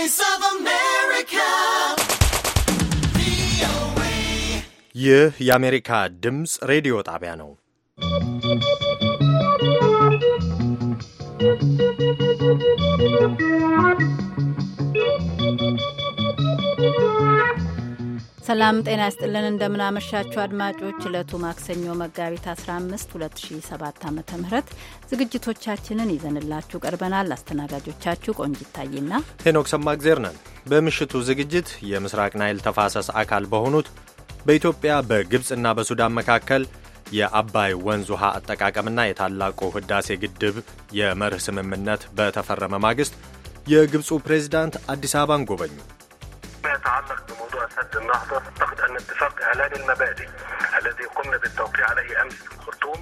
Yeah, of America. VOA. radio. የአሜሪካ ሰላም ጤና ያስጥልን። እንደምናመሻችሁ አድማጮች፣ እለቱ ማክሰኞ መጋቢት 15 2007 ዓ ም ዝግጅቶቻችንን ይዘንላችሁ ቀርበናል። አስተናጋጆቻችሁ ቆንጅ ይታይና ሄኖክ ሰማግዜር ነን። በምሽቱ ዝግጅት የምስራቅ ናይል ተፋሰስ አካል በሆኑት በኢትዮጵያ በግብፅና በሱዳን መካከል የአባይ ወንዝ ውሃ አጠቃቀምና የታላቁ ህዳሴ ግድብ የመርህ ስምምነት በተፈረመ ማግስት የግብፁ ፕሬዚዳንት አዲስ አበባን ጎበኙ። ما يتعلق بموضوع سد النهضة أعتقد أن اتفاق إعلان المبادئ الذي قمنا بالتوقيع عليه أمس في الخرطوم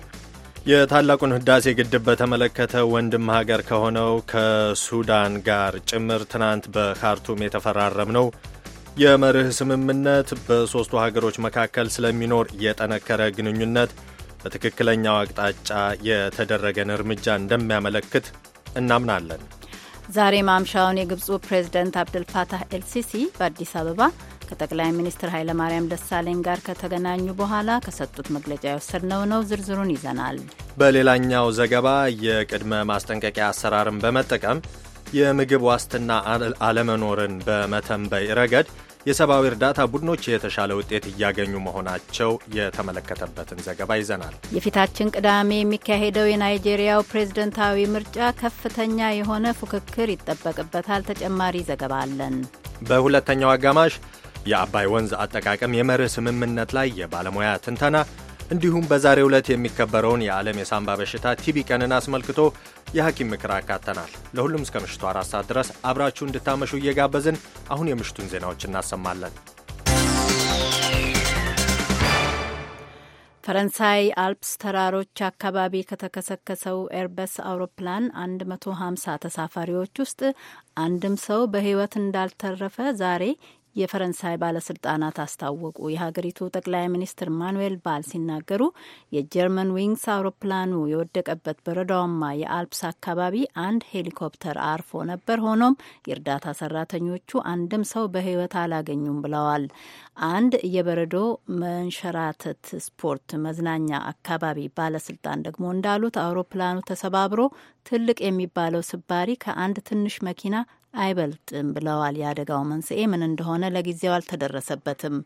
የታላቁን ህዳሴ ግድብ በተመለከተ ወንድም ሀገር ከሆነው ከሱዳን ጋር ጭምር ትናንት በካርቱም የተፈራረም ነው የመርህ ስምምነት በሦስቱ ሀገሮች መካከል ስለሚኖር የጠነከረ ግንኙነት በትክክለኛው አቅጣጫ የተደረገን እርምጃ እንደሚያመለክት እናምናለን። ዛሬ ማምሻውን የግብፁ ፕሬዚደንት አብደልፋታህ ኤልሲሲ በአዲስ አበባ ከጠቅላይ ሚኒስትር ኃይለማርያም ደሳለኝ ጋር ከተገናኙ በኋላ ከሰጡት መግለጫ የወሰድነው ነው። ዝርዝሩን ይዘናል። በሌላኛው ዘገባ የቅድመ ማስጠንቀቂያ አሰራርን በመጠቀም የምግብ ዋስትና አለመኖርን በመተንበይ ረገድ የሰብአዊ እርዳታ ቡድኖች የተሻለ ውጤት እያገኙ መሆናቸው የተመለከተበትን ዘገባ ይዘናል። የፊታችን ቅዳሜ የሚካሄደው የናይጄሪያው ፕሬዝደንታዊ ምርጫ ከፍተኛ የሆነ ፉክክር ይጠበቅበታል። ተጨማሪ ዘገባ አለን። በሁለተኛው አጋማሽ የአባይ ወንዝ አጠቃቀም የመርህ ስምምነት ላይ የባለሙያ ትንተና እንዲሁም በዛሬ ዕለት የሚከበረውን የዓለም የሳምባ በሽታ ቲቢ ቀንን አስመልክቶ የሐኪም ምክር አካተናል። ለሁሉም እስከ ምሽቱ አራት ሰዓት ድረስ አብራችሁ እንድታመሹ እየጋበዝን አሁን የምሽቱን ዜናዎች እናሰማለን። ፈረንሳይ አልፕስ ተራሮች አካባቢ ከተከሰከሰው ኤርበስ አውሮፕላን 150 ተሳፋሪዎች ውስጥ አንድም ሰው በሕይወት እንዳልተረፈ ዛሬ የፈረንሳይ ባለስልጣናት አስታወቁ። የሀገሪቱ ጠቅላይ ሚኒስትር ማኑኤል ባል ሲናገሩ የጀርመን ዊንግስ አውሮፕላኑ የወደቀበት በረዳማ የአልፕስ አካባቢ አንድ ሄሊኮፕተር አርፎ ነበር። ሆኖም የእርዳታ ሰራተኞቹ አንድም ሰው በህይወት አላገኙም ብለዋል። አንድ የበረዶ መንሸራተት ስፖርት መዝናኛ አካባቢ ባለስልጣን ደግሞ እንዳሉት አውሮፕላኑ ተሰባብሮ ትልቅ የሚባለው ስባሪ ከአንድ ትንሽ መኪና አይበልጥም ብለዋል። የአደጋው መንስኤ ምን እንደሆነ ለጊዜው አልተደረሰበትም።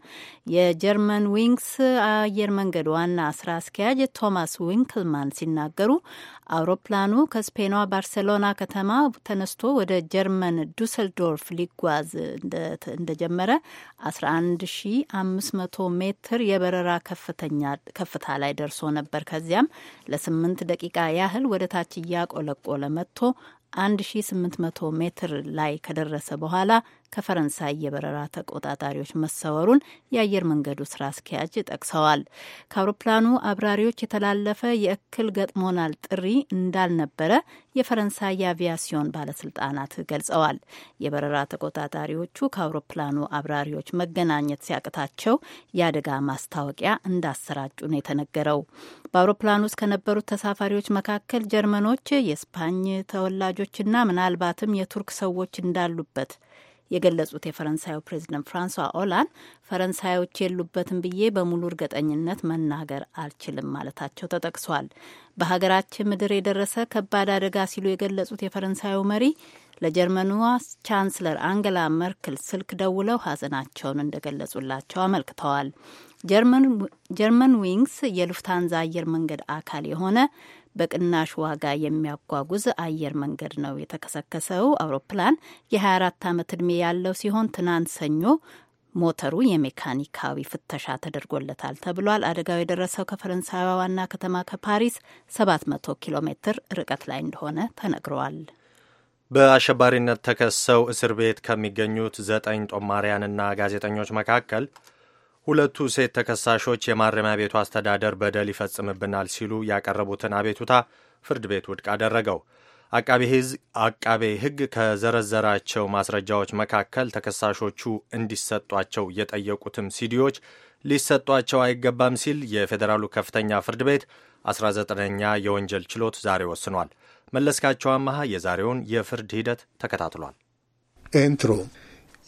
የጀርመን ዊንግስ አየር መንገድ ዋና ስራ አስኪያጅ ቶማስ ዊንክልማን ሲናገሩ አውሮፕላኑ ከስፔኗ ባርሴሎና ከተማ ተነስቶ ወደ ጀርመን ዱሰልዶርፍ ሊጓዝ እንደጀመረ 11500 ሜትር የበረራ ከፍታ ላይ ደርሶ ነበር። ከዚያም ለስምንት ደቂቃ ያህል ወደ ታች እያቆለቆለ መጥቶ 1800 ሜትር ላይ ከደረሰ በኋላ ከፈረንሳይ የበረራ ተቆጣጣሪዎች መሰወሩን የአየር መንገዱ ስራ አስኪያጅ ጠቅሰዋል። ከአውሮፕላኑ አብራሪዎች የተላለፈ የእክል ገጥሞናል ጥሪ እንዳልነበረ የፈረንሳይ የአቪያሲዮን ባለስልጣናት ገልጸዋል። የበረራ ተቆጣጣሪዎቹ ከአውሮፕላኑ አብራሪዎች መገናኘት ሲያቅታቸው የአደጋ ማስታወቂያ እንዳሰራጩ ነው የተነገረው። በአውሮፕላኑ ውስጥ ከነበሩት ተሳፋሪዎች መካከል ጀርመኖች፣ የስፓኝ ተወላጆችና ምናልባትም የቱርክ ሰዎች እንዳሉበት የገለጹት የፈረንሳዩ ፕሬዚደንት ፍራንሷ ኦላንድ ፈረንሳዮች የሉበትም ብዬ በሙሉ እርግጠኝነት መናገር አልችልም ማለታቸው ተጠቅሷል። በሀገራችን ምድር የደረሰ ከባድ አደጋ ሲሉ የገለጹት የፈረንሳዩ መሪ ለጀርመኗ ቻንስለር አንገላ መርክል ስልክ ደውለው ሀዘናቸውን እንደገለጹላቸው አመልክተዋል። ጀርመን ዊንግስ የሉፍታንዛ አየር መንገድ አካል የሆነ በቅናሽ ዋጋ የሚያጓጉዝ አየር መንገድ ነው የተከሰከሰው። አውሮፕላን የ24 ዓመት ዕድሜ ያለው ሲሆን ትናንት ሰኞ ሞተሩ የሜካኒካዊ ፍተሻ ተደርጎለታል ተብሏል። አደጋው የደረሰው ከፈረንሳይ ዋና ከተማ ከፓሪስ 700 ኪሎ ሜትር ርቀት ላይ እንደሆነ ተነግረዋል። በአሸባሪነት ተከሰው እስር ቤት ከሚገኙት ዘጠኝ ጦማሪያንና ጋዜጠኞች መካከል ሁለቱ ሴት ተከሳሾች የማረሚያ ቤቱ አስተዳደር በደል ይፈጽምብናል ሲሉ ያቀረቡትን አቤቱታ ፍርድ ቤት ውድቅ አደረገው። አቃቤ ሕግ ከዘረዘራቸው ማስረጃዎች መካከል ተከሳሾቹ እንዲሰጧቸው የጠየቁትም ሲዲዎች ሊሰጧቸው አይገባም ሲል የፌዴራሉ ከፍተኛ ፍርድ ቤት 19ኛ የወንጀል ችሎት ዛሬ ወስኗል። መለስካቸው አመሃ የዛሬውን የፍርድ ሂደት ተከታትሏል። ኤንትሮ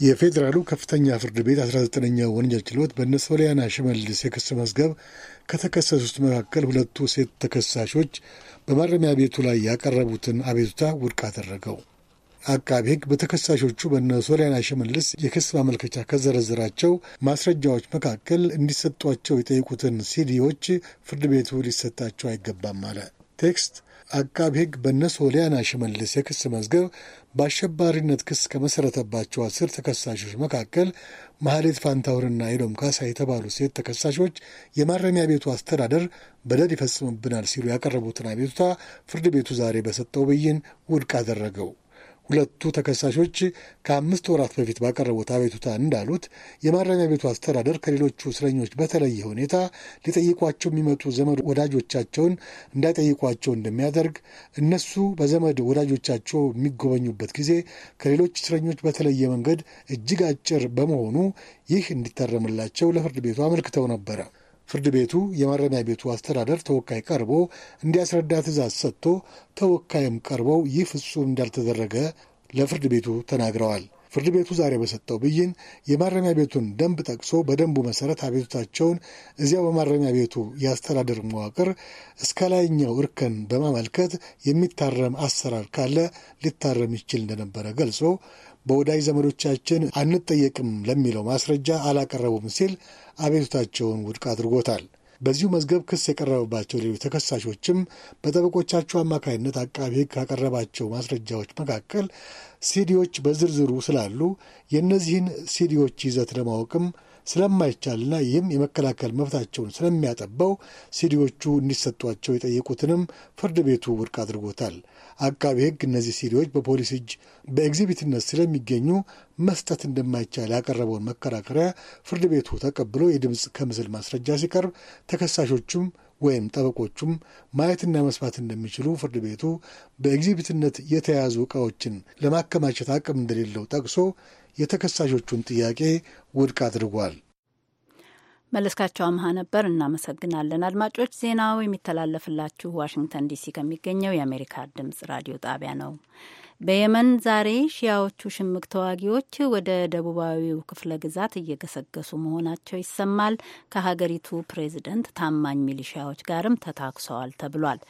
የፌዴራሉ ከፍተኛ ፍርድ ቤት 19 ኛው ወንጀል ችሎት በእነ ሶሊያና ሽመልስ የክስ መዝገብ ከተከሰሱት መካከል ሁለቱ ሴት ተከሳሾች በማረሚያ ቤቱ ላይ ያቀረቡትን አቤቱታ ውድቅ አደረገው። አቃቢ ሕግ በተከሳሾቹ በእነ ሶሊያና ሽመልስ የክስ ማመልከቻ ከዘረዘራቸው ማስረጃዎች መካከል እንዲሰጧቸው የጠየቁትን ሲዲዎች ፍርድ ቤቱ ሊሰጣቸው አይገባም አለ። ቴክስት አቃቢ ሕግ በእነ ሶሊያና ሽመልስ የክስ መዝገብ በአሸባሪነት ክስ ከመሰረተባቸው አስር ተከሳሾች መካከል መሐሌት ፋንታሁንና ኤዶም ካሳ የተባሉ ሴት ተከሳሾች የማረሚያ ቤቱ አስተዳደር በደል ይፈጽምብናል ሲሉ ያቀረቡትን አቤቱታ ፍርድ ቤቱ ዛሬ በሰጠው ብይን ውድቅ አደረገው። ሁለቱ ተከሳሾች ከአምስት ወራት በፊት ባቀረቡት አቤቱታ እንዳሉት የማረሚያ ቤቱ አስተዳደር ከሌሎቹ እስረኞች በተለየ ሁኔታ ሊጠይቋቸው የሚመጡ ዘመድ ወዳጆቻቸውን እንዳይጠይቋቸው እንደሚያደርግ፣ እነሱ በዘመድ ወዳጆቻቸው የሚጎበኙበት ጊዜ ከሌሎች እስረኞች በተለየ መንገድ እጅግ አጭር በመሆኑ ይህ እንዲታረምላቸው ለፍርድ ቤቱ አመልክተው ነበረ። ፍርድ ቤቱ የማረሚያ ቤቱ አስተዳደር ተወካይ ቀርቦ እንዲያስረዳ ትእዛዝ ሰጥቶ ተወካይም ቀርበው ይህ ፍጹም እንዳልተደረገ ለፍርድ ቤቱ ተናግረዋል። ፍርድ ቤቱ ዛሬ በሰጠው ብይን የማረሚያ ቤቱን ደንብ ጠቅሶ በደንቡ መሰረት አቤቱታቸውን እዚያው በማረሚያ ቤቱ የአስተዳደር መዋቅር እስከ ላይኛው እርከን በማመልከት የሚታረም አሰራር ካለ ሊታረም ይችል እንደነበረ ገልጾ በወዳጅ ዘመዶቻችን አንጠየቅም ለሚለው ማስረጃ አላቀረቡም ሲል አቤቱታቸውን ውድቅ አድርጎታል። በዚሁ መዝገብ ክስ የቀረበባቸው ሌሎች ተከሳሾችም በጠበቆቻቸው አማካኝነት አቃቢ ሕግ ካቀረባቸው ማስረጃዎች መካከል ሲዲዎች በዝርዝሩ ስላሉ የእነዚህን ሲዲዎች ይዘት ለማወቅም ስለማይቻልና ይህም የመከላከል መብታቸውን ስለሚያጠበው ሲዲዎቹ እንዲሰጧቸው የጠየቁትንም ፍርድ ቤቱ ውድቅ አድርጎታል። አቃቢ ሕግ እነዚህ ሲዲዎች በፖሊስ እጅ በኤግዚቢትነት ስለሚገኙ መስጠት እንደማይቻል ያቀረበውን መከራከሪያ ፍርድ ቤቱ ተቀብሎ የድምፅ ከምስል ማስረጃ ሲቀርብ ተከሳሾቹም ወይም ጠበቆቹም ማየትና መስማት እንደሚችሉ ፍርድ ቤቱ በኤግዚቢትነት የተያዙ እቃዎችን ለማከማቸት አቅም እንደሌለው ጠቅሶ የተከሳሾቹን ጥያቄ ውድቅ አድርጓል። መለስካቸው አምሃ ነበር። እናመሰግናለን። አድማጮች ዜናው የሚተላለፍላችሁ ዋሽንግተን ዲሲ ከሚገኘው የአሜሪካ ድምጽ ራዲዮ ጣቢያ ነው። በየመን ዛሬ ሺያዎቹ ሽምቅ ተዋጊዎች ወደ ደቡባዊው ክፍለ ግዛት እየገሰገሱ መሆናቸው ይሰማል። ከሀገሪቱ ፕሬዚደንት ታማኝ ሚሊሺያዎች ጋርም ተታኩሰዋል ተብሏል።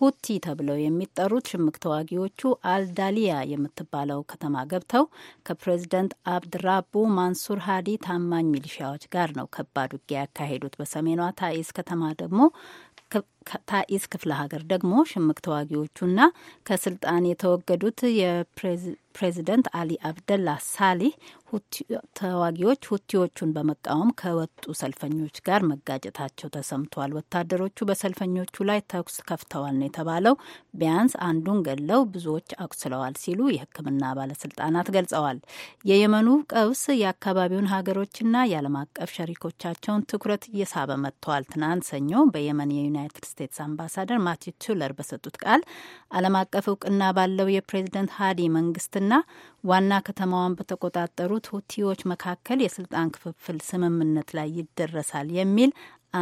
ሁቲ ተብለው የሚጠሩት ሽምቅ ተዋጊዎቹ አልዳሊያ የምትባለው ከተማ ገብተው ከፕሬዝደንት አብድራቡ ማንሱር ሀዲ ታማኝ ሚሊሺያዎች ጋር ነው ከባድ ውጊያ ያካሄዱት። በሰሜኗ ታኢስ ከተማ ደግሞ ታኢስ ክፍለ ሀገር ደግሞ ሽምቅ ተዋጊዎቹና ከስልጣን የተወገዱት የፕሬዚደንት አሊ አብደላ ሳሊህ ተዋጊዎች ሁቲዎቹን በመቃወም ከወጡ ሰልፈኞች ጋር መጋጨታቸው ተሰምቷል። ወታደሮቹ በሰልፈኞቹ ላይ ተኩስ ከፍተዋል ነው የተባለው። ቢያንስ አንዱን ገለው ብዙዎች አቁስለዋል ሲሉ የሕክምና ባለስልጣናት ገልጸዋል። የየመኑ ቀውስ የአካባቢውን ሀገሮችና የዓለም አቀፍ ሸሪኮቻቸውን ትኩረት እየሳበ መጥተዋል። ትናንት ሰኞ በየመን የዩናይትድ ስቴትስ አምባሳደር ማቲው ቱለር በሰጡት ቃል ዓለም አቀፍ እውቅና ባለው የፕሬዝደንት ሀዲ መንግስትና ዋና ከተማዋን በተቆጣጠሩት ሁቲዎች መካከል የስልጣን ክፍፍል ስምምነት ላይ ይደረሳል የሚል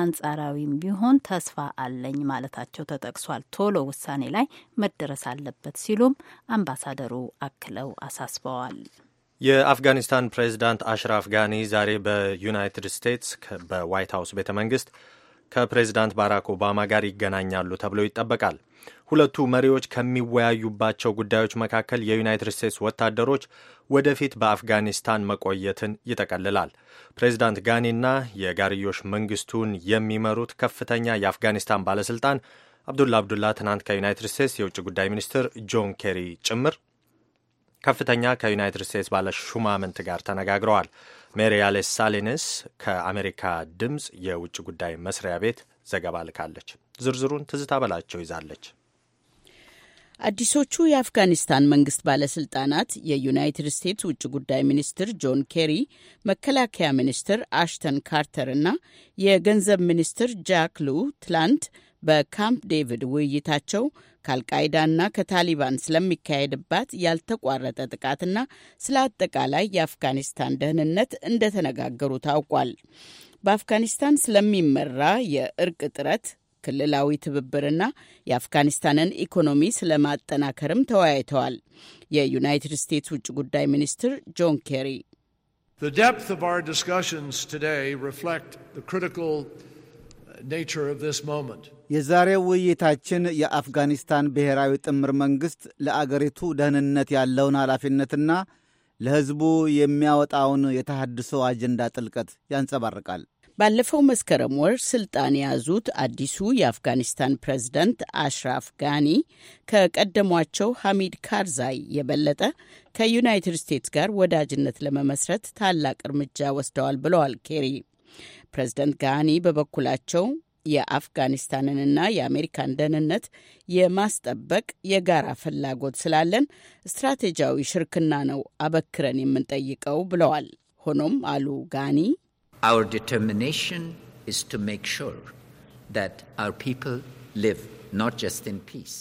አንጻራዊም ቢሆን ተስፋ አለኝ ማለታቸው ተጠቅሷል። ቶሎ ውሳኔ ላይ መደረስ አለበት ሲሉም አምባሳደሩ አክለው አሳስበዋል። የአፍጋኒስታን ፕሬዚዳንት አሽራፍ ጋኒ ዛሬ በዩናይትድ ስቴትስ በዋይት ሀውስ ቤተ መንግስት ከፕሬዚዳንት ባራክ ኦባማ ጋር ይገናኛሉ ተብሎ ይጠበቃል። ሁለቱ መሪዎች ከሚወያዩባቸው ጉዳዮች መካከል የዩናይትድ ስቴትስ ወታደሮች ወደፊት በአፍጋኒስታን መቆየትን ይጠቀልላል። ፕሬዚዳንት ጋኒና የጋርዮሽ መንግስቱን የሚመሩት ከፍተኛ የአፍጋኒስታን ባለስልጣን አብዱላ አብዱላ ትናንት ከዩናይትድ ስቴትስ የውጭ ጉዳይ ሚኒስትር ጆን ኬሪ ጭምር ከፍተኛ ከዩናይትድ ስቴትስ ባለሹማምንት ጋር ተነጋግረዋል። ሜሪያሌስ ሳሊንስ ከአሜሪካ ድምፅ የውጭ ጉዳይ መስሪያ ቤት ዘገባ ልካለች። ዝርዝሩን ትዝታ በላቸው ይዛለች። አዲሶቹ የአፍጋኒስታን መንግስት ባለስልጣናት የዩናይትድ ስቴትስ ውጭ ጉዳይ ሚኒስትር ጆን ኬሪ፣ መከላከያ ሚኒስትር አሽተን ካርተር እና የገንዘብ ሚኒስትር ጃክ ሉ ትላንት በካምፕ ዴቪድ ውይይታቸው ከአልቃይዳና ከታሊባን ስለሚካሄድባት ያልተቋረጠ ጥቃትና ስለ አጠቃላይ የአፍጋኒስታን ደህንነት እንደተነጋገሩ ታውቋል። በአፍጋኒስታን ስለሚመራ የእርቅ ጥረት ክልላዊ ትብብርና የአፍጋኒስታንን ኢኮኖሚ ስለማጠናከርም ተወያይተዋል። የዩናይትድ ስቴትስ ውጭ ጉዳይ ሚኒስትር ጆን ኬሪ The depth of our discussions today reflect the critical የዛሬው ውይይታችን የአፍጋኒስታን ብሔራዊ ጥምር መንግሥት ለአገሪቱ ደህንነት ያለውን ኃላፊነትና ለሕዝቡ የሚያወጣውን የተሃድሶ አጀንዳ ጥልቀት ያንጸባርቃል። ባለፈው መስከረም ወር ስልጣን የያዙት አዲሱ የአፍጋኒስታን ፕሬዝዳንት አሽራፍ ጋኒ ከቀደሟቸው ሐሚድ ካርዛይ የበለጠ ከዩናይትድ ስቴትስ ጋር ወዳጅነት ለመመስረት ታላቅ እርምጃ ወስደዋል ብለዋል ኬሪ። ፕሬዝደንት ጋኒ በበኩላቸው የአፍጋኒስታንንና የአሜሪካን ደህንነት የማስጠበቅ የጋራ ፍላጎት ስላለን ስትራቴጂያዊ ሽርክና ነው አበክረን የምንጠይቀው ብለዋል። ሆኖም አሉ ጋኒ our determination is to make sure that our people live not just in peace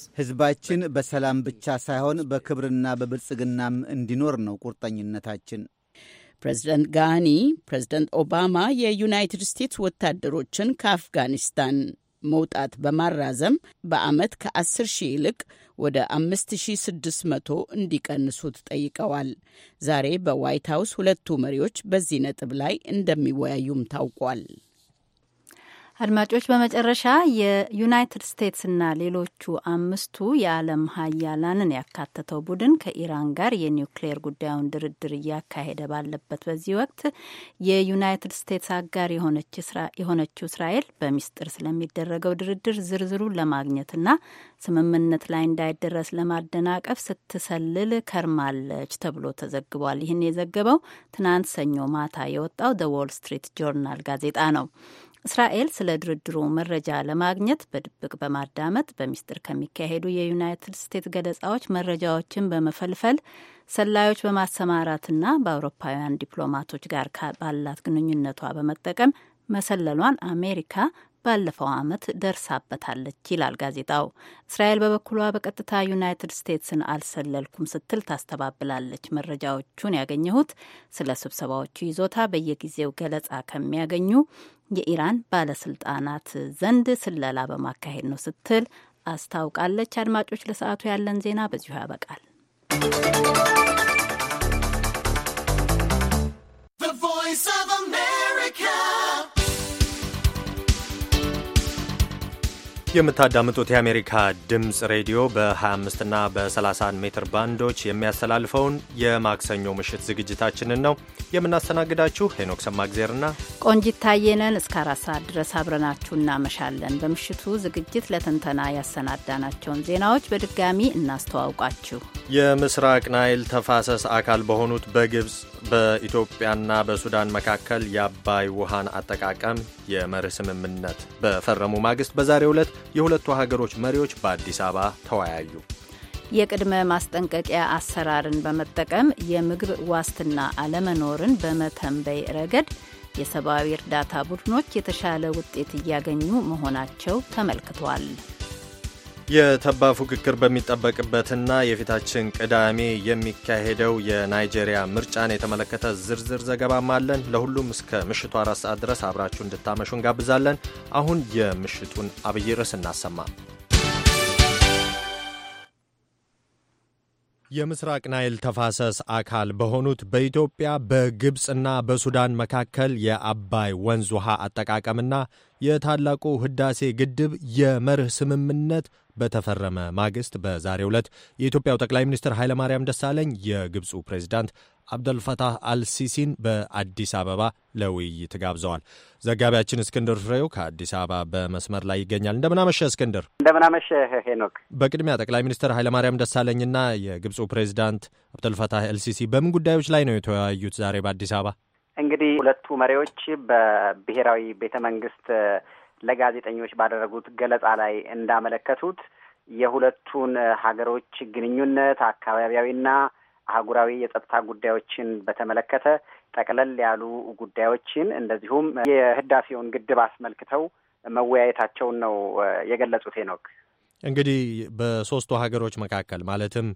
በሰላም ብቻ ሳይሆን በክብርና በብልጽግናም እንዲኖር ነው ቁርጠኝነታችን። ፕሬዚደንት ጋኒ ፕሬዚደንት ኦባማ የዩናይትድ ስቴትስ ወታደሮችን ከአፍጋኒስታን መውጣት በማራዘም በዓመት ከ10 ሺህ ይልቅ ወደ 5600 እንዲቀንሱት ጠይቀዋል። ዛሬ በዋይት ሀውስ ሁለቱ መሪዎች በዚህ ነጥብ ላይ እንደሚወያዩም ታውቋል። አድማጮች በመጨረሻ የዩናይትድ ስቴትስና ሌሎቹ አምስቱ የዓለም ሀያላንን ያካተተው ቡድን ከኢራን ጋር የኒውክሌር ጉዳዩን ድርድር እያካሄደ ባለበት በዚህ ወቅት የዩናይትድ ስቴትስ አጋር የሆነችው እስራኤል በሚስጥር ስለሚደረገው ድርድር ዝርዝሩን ለማግኘትና ስምምነት ላይ እንዳይደረስ ለማደናቀፍ ስትሰልል ከርማለች ተብሎ ተዘግቧል። ይህን የዘገበው ትናንት ሰኞ ማታ የወጣው ደ ዎል ስትሪት ጆርናል ጋዜጣ ነው። እስራኤል ስለ ድርድሩ መረጃ ለማግኘት በድብቅ በማዳመጥ በሚስጥር ከሚካሄዱ የዩናይትድ ስቴትስ ገለጻዎች መረጃዎችን በመፈልፈል ሰላዮች በማሰማራትና በአውሮፓውያን ዲፕሎማቶች ጋር ባላት ግንኙነቷ በመጠቀም መሰለሏን አሜሪካ ባለፈው ዓመት ደርሳበታለች ይላል ጋዜጣው። እስራኤል በበኩሏ በቀጥታ ዩናይትድ ስቴትስን አልሰለልኩም ስትል ታስተባብላለች። መረጃዎቹን ያገኘሁት ስለ ስብሰባዎቹ ይዞታ በየጊዜው ገለጻ ከሚያገኙ የኢራን ባለስልጣናት ዘንድ ስለላ በማካሄድ ነው ስትል አስታውቃለች። አድማጮች፣ ለሰዓቱ ያለን ዜና በዚሁ ያበቃል። የምታዳምጡት የአሜሪካ ድምፅ ሬዲዮ በ25 እና በ31 ሜትር ባንዶች የሚያስተላልፈውን የማክሰኞ ምሽት ዝግጅታችንን ነው የምናስተናግዳችሁ። ሄኖክ ሰማግዜርና ቆንጂት ታየነን እስከ አራት ሰዓት ድረስ አብረናችሁ እናመሻለን። በምሽቱ ዝግጅት ለትንተና ያሰናዳናቸውን ዜናዎች በድጋሚ እናስተዋውቃችሁ። የምስራቅ ናይል ተፋሰስ አካል በሆኑት በግብፅ በኢትዮጵያና በሱዳን መካከል የአባይ ውሃን አጠቃቀም የመርህ ስምምነት በፈረሙ ማግስት በዛሬው ዕለት የሁለቱ ሀገሮች መሪዎች በአዲስ አበባ ተወያዩ። የቅድመ ማስጠንቀቂያ አሰራርን በመጠቀም የምግብ ዋስትና አለመኖርን በመተንበይ ረገድ የሰብአዊ እርዳታ ቡድኖች የተሻለ ውጤት እያገኙ መሆናቸው ተመልክቷል። የተባ ፉክክር በሚጠበቅበትና የፊታችን ቅዳሜ የሚካሄደው የናይጄሪያ ምርጫን የተመለከተ ዝርዝር ዘገባም አለን። ለሁሉም እስከ ምሽቱ አራት ሰዓት ድረስ አብራችሁ እንድታመሹ እንጋብዛለን። አሁን የምሽቱን አብይ ርዕስ እናሰማ። የምስራቅ ናይል ተፋሰስ አካል በሆኑት በኢትዮጵያ በግብፅና በሱዳን መካከል የአባይ ወንዝ ውሃ አጠቃቀምና የታላቁ ህዳሴ ግድብ የመርህ ስምምነት በተፈረመ ማግስት በዛሬው ዕለት የኢትዮጵያው ጠቅላይ ሚኒስትር ኃይለማርያም ደሳለኝ የግብፁ ፕሬዚዳንት አብደልፈታህ አልሲሲን በአዲስ አበባ ለውይይት ጋብዘዋል። ዘጋቢያችን እስክንድር ፍሬው ከአዲስ አበባ በመስመር ላይ ይገኛል። እንደምናመሸ እስክንድር። እንደምናመሸ ሄኖክ። በቅድሚያ ጠቅላይ ሚኒስትር ኃይለማርያም ደሳለኝና የግብፁ ፕሬዚዳንት አብደልፈታህ አልሲሲ በምን ጉዳዮች ላይ ነው የተወያዩት ዛሬ በአዲስ አበባ? እንግዲህ ሁለቱ መሪዎች በብሔራዊ ቤተ መንግስት ለጋዜጠኞች ባደረጉት ገለጻ ላይ እንዳመለከቱት የሁለቱን ሀገሮች ግንኙነት አካባቢያዊና አህጉራዊ የጸጥታ ጉዳዮችን በተመለከተ ጠቅለል ያሉ ጉዳዮችን እንደዚሁም የህዳሴውን ግድብ አስመልክተው መወያየታቸውን ነው የገለጹት። ሄኖክ እንግዲህ በሶስቱ ሀገሮች መካከል ማለትም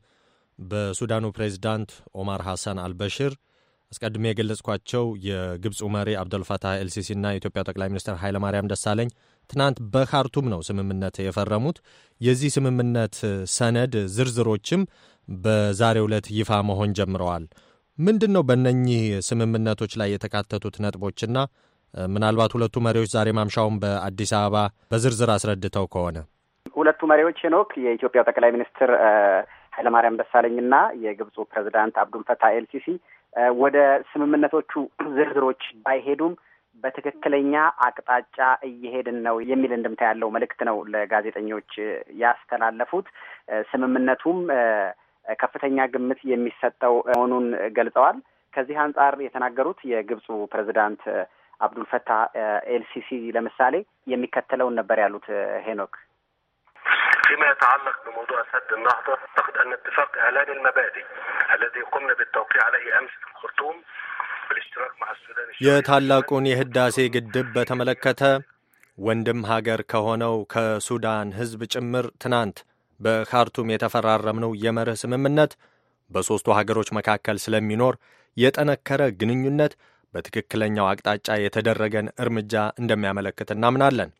በሱዳኑ ፕሬዚዳንት ኦማር ሐሰን አልበሽር አስቀድሜ የገለጽኳቸው የግብፁ መሪ አብደልፈታህ ኤልሲሲና የኢትዮጵያ ጠቅላይ ሚኒስትር ኃይለማርያም ደሳለኝ ትናንት በካርቱም ነው ስምምነት የፈረሙት። የዚህ ስምምነት ሰነድ ዝርዝሮችም በዛሬው ዕለት ይፋ መሆን ጀምረዋል። ምንድን ነው በእነኚህ ስምምነቶች ላይ የተካተቱት ነጥቦችና ምናልባት ሁለቱ መሪዎች ዛሬ ማምሻውን በአዲስ አበባ በዝርዝር አስረድተው ከሆነ ሁለቱ መሪዎች ሄኖክ የኢትዮጵያው ጠቅላይ ሚኒስትር ኃይለማርያም ደሳለኝና የግብፁ ፕሬዚዳንት አብዱል ፈታህ ኤልሲሲ ወደ ስምምነቶቹ ዝርዝሮች ባይሄዱም በትክክለኛ አቅጣጫ እየሄድን ነው የሚል እንድምታ ያለው መልእክት ነው ለጋዜጠኞች ያስተላለፉት። ስምምነቱም ከፍተኛ ግምት የሚሰጠው መሆኑን ገልጸዋል። ከዚህ አንጻር የተናገሩት የግብፁ ፕሬዚዳንት አብዱልፈታህ ኤልሲሲ ለምሳሌ የሚከተለውን ነበር ያሉት ሄኖክ فيما يتعلق بموضوع سد اتفاق المبادئ الذي قمنا بالتوقيع عليه في الخرطوم የታላቁን የህዳሴ ግድብ በተመለከተ ወንድም ሀገር ከሆነው ከሱዳን ህዝብ ጭምር ትናንት በካርቱም የተፈራረምነው የመርህ ስምምነት በሦስቱ ሀገሮች መካከል ስለሚኖር የጠነከረ ግንኙነት በትክክለኛው አቅጣጫ የተደረገን እርምጃ እንደሚያመለክት እናምናለን።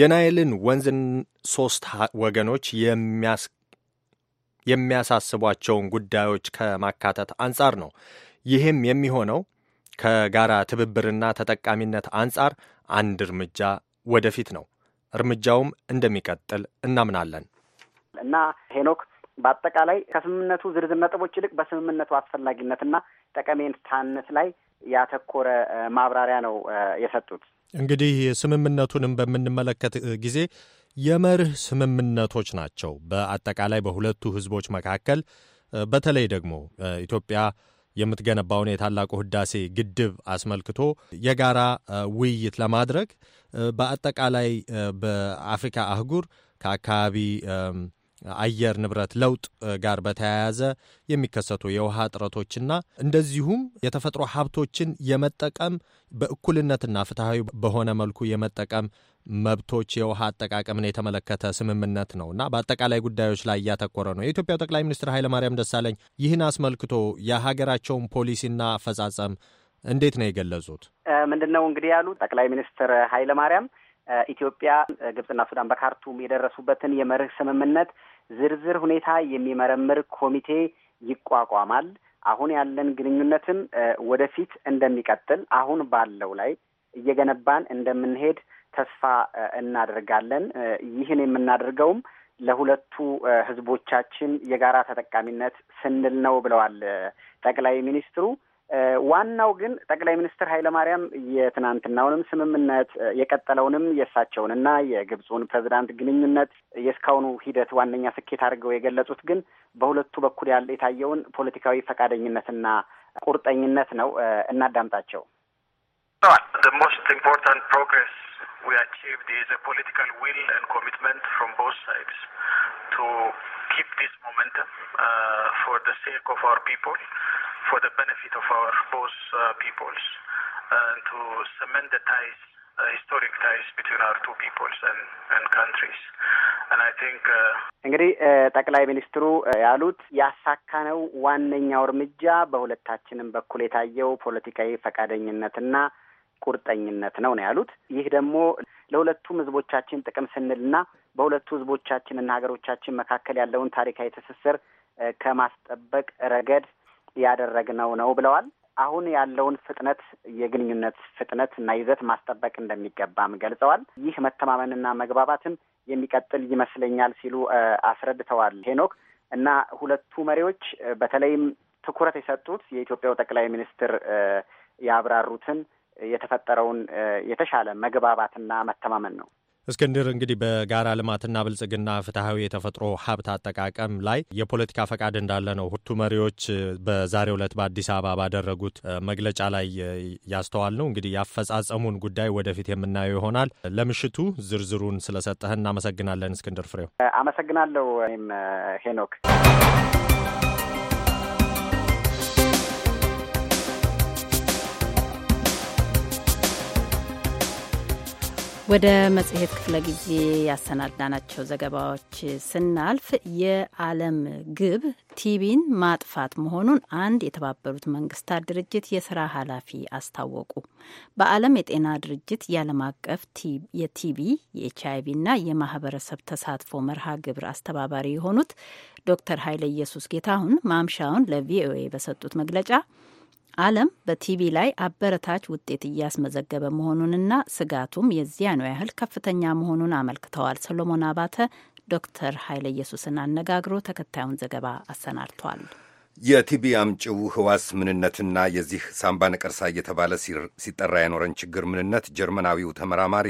የናይልን ወንዝን ሦስት ወገኖች የሚያሳስቧቸውን ጉዳዮች ከማካተት አንጻር ነው። ይህም የሚሆነው ከጋራ ትብብርና ተጠቃሚነት አንጻር አንድ እርምጃ ወደፊት ነው። እርምጃውም እንደሚቀጥል እናምናለን እና ሄኖክ በአጠቃላይ ከስምምነቱ ዝርዝር ነጥቦች ይልቅ በስምምነቱ አስፈላጊነትና ጠቀሜታነት ላይ ያተኮረ ማብራሪያ ነው የሰጡት። እንግዲህ ስምምነቱንም በምንመለከት ጊዜ የመርህ ስምምነቶች ናቸው። በአጠቃላይ በሁለቱ ህዝቦች መካከል በተለይ ደግሞ ኢትዮጵያ የምትገነባውን የታላቁ ህዳሴ ግድብ አስመልክቶ የጋራ ውይይት ለማድረግ በአጠቃላይ በአፍሪካ አህጉር ከአካባቢ አየር ንብረት ለውጥ ጋር በተያያዘ የሚከሰቱ የውሃ እጥረቶችና እንደዚሁም የተፈጥሮ ሀብቶችን የመጠቀም በእኩልነትና ፍትሐዊ በሆነ መልኩ የመጠቀም መብቶች የውሃ አጠቃቀምን የተመለከተ ስምምነት ነው እና በአጠቃላይ ጉዳዮች ላይ እያተኮረ ነው። የኢትዮጵያው ጠቅላይ ሚኒስትር ኃይለማርያም ደሳለኝ ይህን አስመልክቶ የሀገራቸውን ፖሊሲና አፈጻጸም እንዴት ነው የገለጹት? ምንድን ነው እንግዲህ ያሉ ጠቅላይ ሚኒስትር ኃይለማርያም ኢትዮጵያ፣ ግብጽና ሱዳን በካርቱም የደረሱበትን የመርህ ስምምነት ዝርዝር ሁኔታ የሚመረምር ኮሚቴ ይቋቋማል። አሁን ያለን ግንኙነትም ወደፊት እንደሚቀጥል አሁን ባለው ላይ እየገነባን እንደምንሄድ ተስፋ እናደርጋለን። ይህን የምናደርገውም ለሁለቱ ህዝቦቻችን የጋራ ተጠቃሚነት ስንል ነው ብለዋል ጠቅላይ ሚኒስትሩ። ዋናው ግን ጠቅላይ ሚኒስትር ኃይለማርያም የትናንትናውንም ስምምነት የቀጠለውንም የእሳቸውንና የግብፁን ፕሬዚዳንት ግንኙነት የእስካሁኑ ሂደት ዋነኛ ስኬት አድርገው የገለጹት ግን በሁለቱ በኩል ያለ የታየውን ፖለቲካዊ ፈቃደኝነትና ቁርጠኝነት ነው። እናዳምጣቸው። we achieved is a political will and commitment from both sides to keep this momentum uh, for the sake of our people, for the benefit of our both uh, peoples, and to cement the ties, uh, historic ties between our two peoples and, and countries. And I think እንግዲህ uh, uh, ጠቅላይ ሚኒስትሩ uh, ያሉት ያሳካነው ዋነኛው እርምጃ በሁለታችንም በኩል የታየው ፖለቲካዊ ፈቃደኝነትና ቁርጠኝነት ነው ነው ያሉት። ይህ ደግሞ ለሁለቱም ህዝቦቻችን ጥቅም ስንልና በሁለቱ ህዝቦቻችንና ሀገሮቻችን መካከል ያለውን ታሪካዊ ትስስር ከማስጠበቅ ረገድ ያደረግነው ነው ብለዋል። አሁን ያለውን ፍጥነት የግንኙነት ፍጥነት እና ይዘት ማስጠበቅ እንደሚገባም ገልጸዋል። ይህ መተማመንና መግባባትን የሚቀጥል ይመስለኛል ሲሉ አስረድተዋል ሄኖክ እና ሁለቱ መሪዎች በተለይም ትኩረት የሰጡት የኢትዮጵያው ጠቅላይ ሚኒስትር ያብራሩትን የተፈጠረውን የተሻለ መግባባትና መተማመን ነው። እስክንድር እንግዲህ በጋራ ልማትና ብልጽግና ፍትሐዊ የተፈጥሮ ሀብት አጠቃቀም ላይ የፖለቲካ ፈቃድ እንዳለ ነው ሁቱ መሪዎች በዛሬው ዕለት በአዲስ አበባ ባደረጉት መግለጫ ላይ ያስተዋል ነው። እንግዲህ ያፈጻጸሙን ጉዳይ ወደፊት የምናየው ይሆናል። ለምሽቱ ዝርዝሩን ስለሰጠህ እናመሰግናለን እስክንድር ፍሬው። አመሰግናለሁ። ወይም ሄኖክ ወደ መጽሔት ክፍለ ጊዜ ያሰናዳናቸው ዘገባዎች ስናልፍ የዓለም ግብ ቲቢን ማጥፋት መሆኑን አንድ የተባበሩት መንግስታት ድርጅት የስራ ኃላፊ አስታወቁ። በዓለም የጤና ድርጅት የዓለም አቀፍ የቲቢ የኤች እና የማህበረሰብ ተሳትፎ መርሃ ግብር አስተባባሪ የሆኑት ዶክተር ኃይለ ኢየሱስ ጌታሁን ማምሻውን ለቪኦኤ በሰጡት መግለጫ ዓለም በቲቪ ላይ አበረታች ውጤት እያስመዘገበ መሆኑንና ስጋቱም የዚያኑ ያህል ከፍተኛ መሆኑን አመልክተዋል። ሰሎሞን አባተ ዶክተር ኃይለ ኢየሱስን አነጋግሮ ተከታዩን ዘገባ አሰናድቷል። የቲቢ አምጪው ህዋስ ምንነትና የዚህ ሳምባ ነቀርሳ እየተባለ ሲጠራ የኖረን ችግር ምንነት ጀርመናዊው ተመራማሪ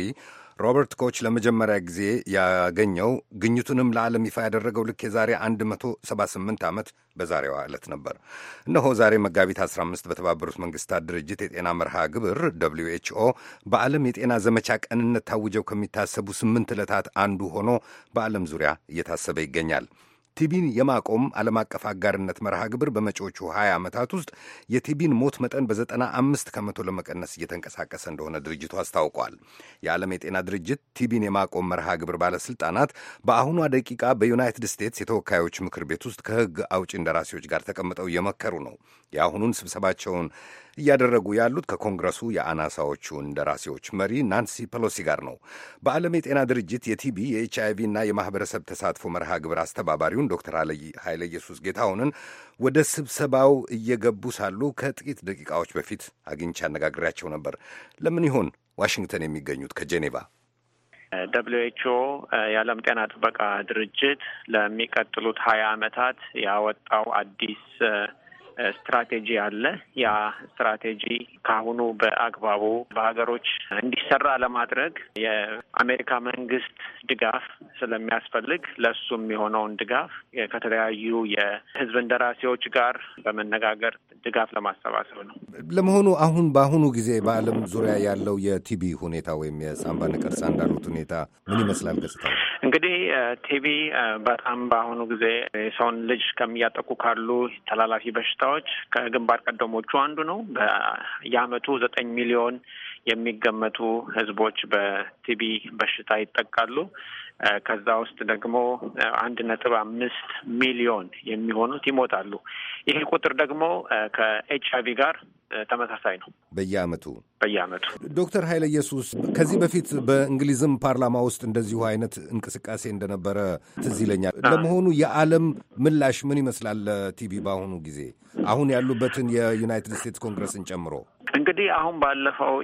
ሮበርት ኮች ለመጀመሪያ ጊዜ ያገኘው ግኝቱንም ለዓለም ይፋ ያደረገው ልክ የዛሬ 178 ዓመት በዛሬዋ ዕለት ነበር። እነሆ ዛሬ መጋቢት 15 በተባበሩት መንግስታት ድርጅት የጤና መርሃ ግብር ደብሊው ኤችኦ በዓለም የጤና ዘመቻ ቀንነት ታውጀው ከሚታሰቡ ስምንት ዕለታት አንዱ ሆኖ በዓለም ዙሪያ እየታሰበ ይገኛል። ቲቢን የማቆም ዓለም አቀፍ አጋርነት መርሃ ግብር በመጪዎቹ 20 ዓመታት ውስጥ የቲቢን ሞት መጠን በዘጠና አምስት ከመቶ ለመቀነስ እየተንቀሳቀሰ እንደሆነ ድርጅቱ አስታውቋል። የዓለም የጤና ድርጅት ቲቢን የማቆም መርሃ ግብር ባለሥልጣናት በአሁኗ ደቂቃ በዩናይትድ ስቴትስ የተወካዮች ምክር ቤት ውስጥ ከሕግ አውጪ እንደራሴዎች ጋር ተቀምጠው እየመከሩ ነው። የአሁኑን ስብሰባቸውን እያደረጉ ያሉት ከኮንግረሱ የአናሳዎቹ እንደራሴዎች መሪ ናንሲ ፐሎሲ ጋር ነው። በዓለም የጤና ድርጅት የቲቢ የኤች ቪ እና የማህበረሰብ ተሳትፎ መርሃ ግብር አስተባባሪውን ዶክተር ኃይለ ኢየሱስ ጌታሁንን ወደ ስብሰባው እየገቡ ሳሉ ከጥቂት ደቂቃዎች በፊት አግኝቼ አነጋግሬያቸው ነበር። ለምን ይሆን ዋሽንግተን የሚገኙት ከጄኔቫ ደብሊው ኤችኦ የዓለም ጤና ጥበቃ ድርጅት ለሚቀጥሉት ሀያ ዓመታት ያወጣው አዲስ ስትራቴጂ አለ። ያ ስትራቴጂ ከአሁኑ በአግባቡ በሀገሮች እንዲሰራ ለማድረግ የአሜሪካ መንግስት ድጋፍ ስለሚያስፈልግ ለሱ የሚሆነውን ድጋፍ ከተለያዩ የህዝብ እንደራሴዎች ጋር በመነጋገር ድጋፍ ለማሰባሰብ ነው። ለመሆኑ አሁን በአሁኑ ጊዜ በዓለም ዙሪያ ያለው የቲቢ ሁኔታ ወይም የሳምባ ነቀርሳ እንዳሉት ሁኔታ ምን ይመስላል? ገጽታ እንግዲህ ቲቢ በጣም በአሁኑ ጊዜ የሰውን ልጅ ከሚያጠቁ ካሉ ተላላፊ በሽታ አንበሳዎች ከግንባር ቀደሞቹ አንዱ ነው። በየአመቱ ዘጠኝ ሚሊዮን የሚገመቱ ህዝቦች በቲቢ በሽታ ይጠቃሉ። ከዛ ውስጥ ደግሞ አንድ ነጥብ አምስት ሚሊዮን የሚሆኑት ይሞታሉ። ይህ ቁጥር ደግሞ ከኤች አይቪ ጋር ተመሳሳይ ነው በየአመቱ በየአመቱ። ዶክተር ኃይለ ኢየሱስ ከዚህ በፊት በእንግሊዝም ፓርላማ ውስጥ እንደዚሁ አይነት እንቅስቃሴ እንደነበረ ትዝ ይለኛል። ለመሆኑ የዓለም ምላሽ ምን ይመስላል ለቲቪ በአሁኑ ጊዜ አሁን ያሉበትን የዩናይትድ ስቴትስ ኮንግረስን ጨምሮ? እንግዲህ አሁን ባለፈው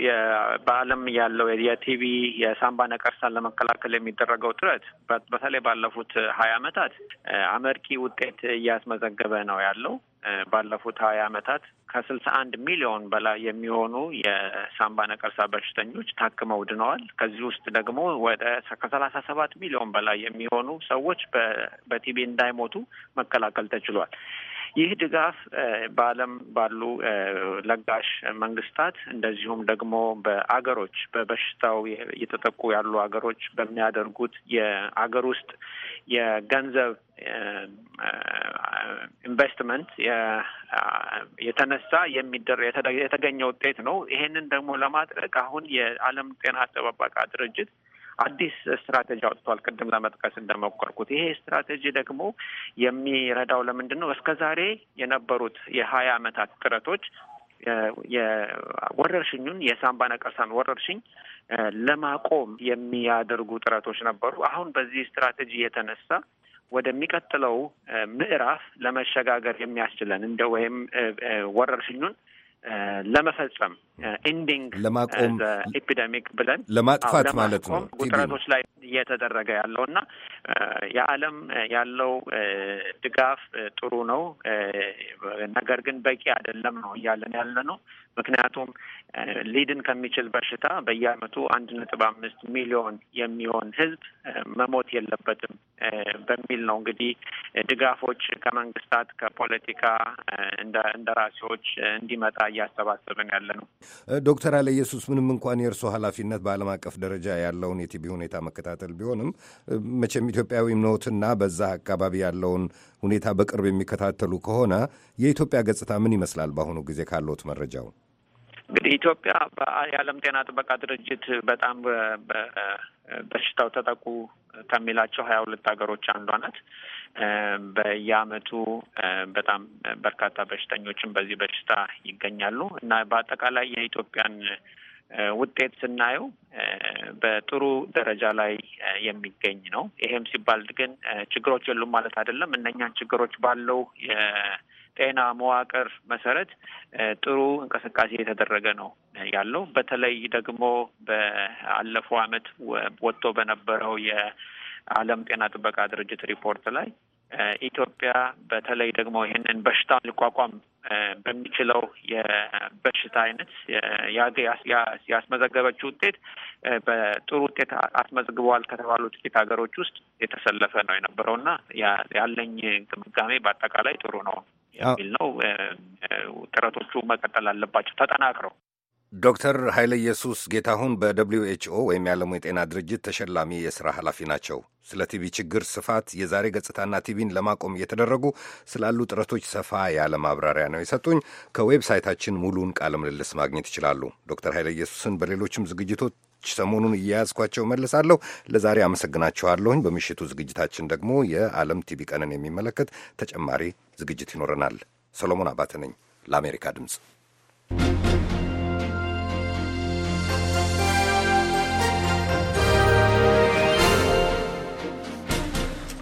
በዓለም ያለው የቲቪ የሳምባ ነቀርሳን ለመከላከል የሚደረገው ጥረት በተለይ ባለፉት ሀያ አመታት አመርቂ ውጤት እያስመዘገበ ነው ያለው ባለፉት ሀያ ዓመታት ከስልሳ አንድ ሚሊዮን በላይ የሚሆኑ የሳምባ ነቀርሳ በሽተኞች ታክመው ድነዋል። ከዚህ ውስጥ ደግሞ ወደ ከሰላሳ ሰባት ሚሊዮን በላይ የሚሆኑ ሰዎች በቲቢ እንዳይሞቱ መከላከል ተችሏል። ይህ ድጋፍ በዓለም ባሉ ለጋሽ መንግስታት እንደዚሁም ደግሞ በአገሮች በበሽታው እየተጠቁ ያሉ አገሮች በሚያደርጉት የአገር ውስጥ የገንዘብ ኢንቨስትመንት የተነሳ የሚደረ የተገኘ ውጤት ነው። ይሄንን ደግሞ ለማድረግ አሁን የዓለም ጤና ጥበቃ ድርጅት አዲስ ስትራቴጂ አውጥቷል። ቅድም ለመጥቀስ እንደሞከርኩት ይሄ ስትራቴጂ ደግሞ የሚረዳው ለምንድን ነው? እስከ ዛሬ የነበሩት የሀያ አመታት ጥረቶች የወረርሽኙን የሳምባ ነቀርሳን ወረርሽኝ ለማቆም የሚያደርጉ ጥረቶች ነበሩ። አሁን በዚህ ስትራቴጂ የተነሳ ወደሚቀጥለው ምዕራፍ ለመሸጋገር የሚያስችለን እንደ ወይም ወረርሽኙን ለመፈጸም ኤንዲንግ ለማቆም ኤፒደሚክ ብለን ለማጥፋት ማለት ነው ውጥረቶች ላይ እየተደረገ ያለው እና የዓለም ያለው ድጋፍ ጥሩ ነው፣ ነገር ግን በቂ አይደለም ነው እያለን ያለ ነው። ምክንያቱም ሊድን ከሚችል በሽታ በየአመቱ አንድ ነጥብ አምስት ሚሊዮን የሚሆን ህዝብ መሞት የለበትም በሚል ነው እንግዲህ ድጋፎች ከመንግስታት ከፖለቲካ እንደራሴዎች እንዲመጣ እያሰባሰብን ያለ ነው። ዶክተር አለ ኢየሱስ ምንም እንኳን የእርሶ ኃላፊነት በዓለም አቀፍ ደረጃ ያለውን የቲቢ ሁኔታ መከታተል ቢሆንም መቼም ኢትዮጵያዊም ኖትና በዛ አካባቢ ያለውን ሁኔታ በቅርብ የሚከታተሉ ከሆነ የኢትዮጵያ ገጽታ ምን ይመስላል በአሁኑ ጊዜ ካለዎት መረጃው? እንግዲህ ኢትዮጵያ የዓለም ጤና ጥበቃ ድርጅት በጣም በሽታው ተጠቁ ከሚላቸው ሀያ ሁለት ሀገሮች አንዷ ናት። በየአመቱ በጣም በርካታ በሽተኞችም በዚህ በሽታ ይገኛሉ እና በአጠቃላይ የኢትዮጵያን ውጤት ስናየው በጥሩ ደረጃ ላይ የሚገኝ ነው። ይሄም ሲባል ግን ችግሮች የሉም ማለት አይደለም። እነኛን ችግሮች ባለው ጤና መዋቅር መሰረት ጥሩ እንቅስቃሴ የተደረገ ነው ያለው። በተለይ ደግሞ በአለፈው ዓመት ወጥቶ በነበረው የዓለም ጤና ጥበቃ ድርጅት ሪፖርት ላይ ኢትዮጵያ በተለይ ደግሞ ይህንን በሽታውን ሊቋቋም በሚችለው የበሽታ አይነት ያስመዘገበችው ውጤት በጥሩ ውጤት አስመዝግበዋል ከተባሉ ጥቂት ሀገሮች ውስጥ የተሰለፈ ነው የነበረው እና ያለኝ ግምጋሜ በአጠቃላይ ጥሩ ነው። የሚል ነው። ጥረቶቹ መቀጠል አለባቸው ተጠናክረው። ዶክተር ኃይለ ኢየሱስ ጌታሁን በደብሊው ኤችኦ ወይም የዓለሙ የጤና ድርጅት ተሸላሚ የሥራ ኃላፊ ናቸው። ስለ ቲቪ ችግር ስፋት፣ የዛሬ ገጽታና ቲቪን ለማቆም እየተደረጉ ስላሉ ጥረቶች ሰፋ ያለ ማብራሪያ ነው የሰጡኝ። ከዌብሳይታችን ሙሉውን ቃለ ምልልስ ማግኘት ይችላሉ። ዶክተር ኃይለ ኢየሱስን በሌሎችም ዝግጅቶች ሰሞኑን እያያዝኳቸው መልሳለሁ። ለዛሬ አመሰግናችኋለሁኝ። በምሽቱ ዝግጅታችን ደግሞ የዓለም ቲቪ ቀንን የሚመለከት ተጨማሪ ዝግጅት ይኖረናል። ሰሎሞን አባተ ነኝ ለአሜሪካ ድምፅ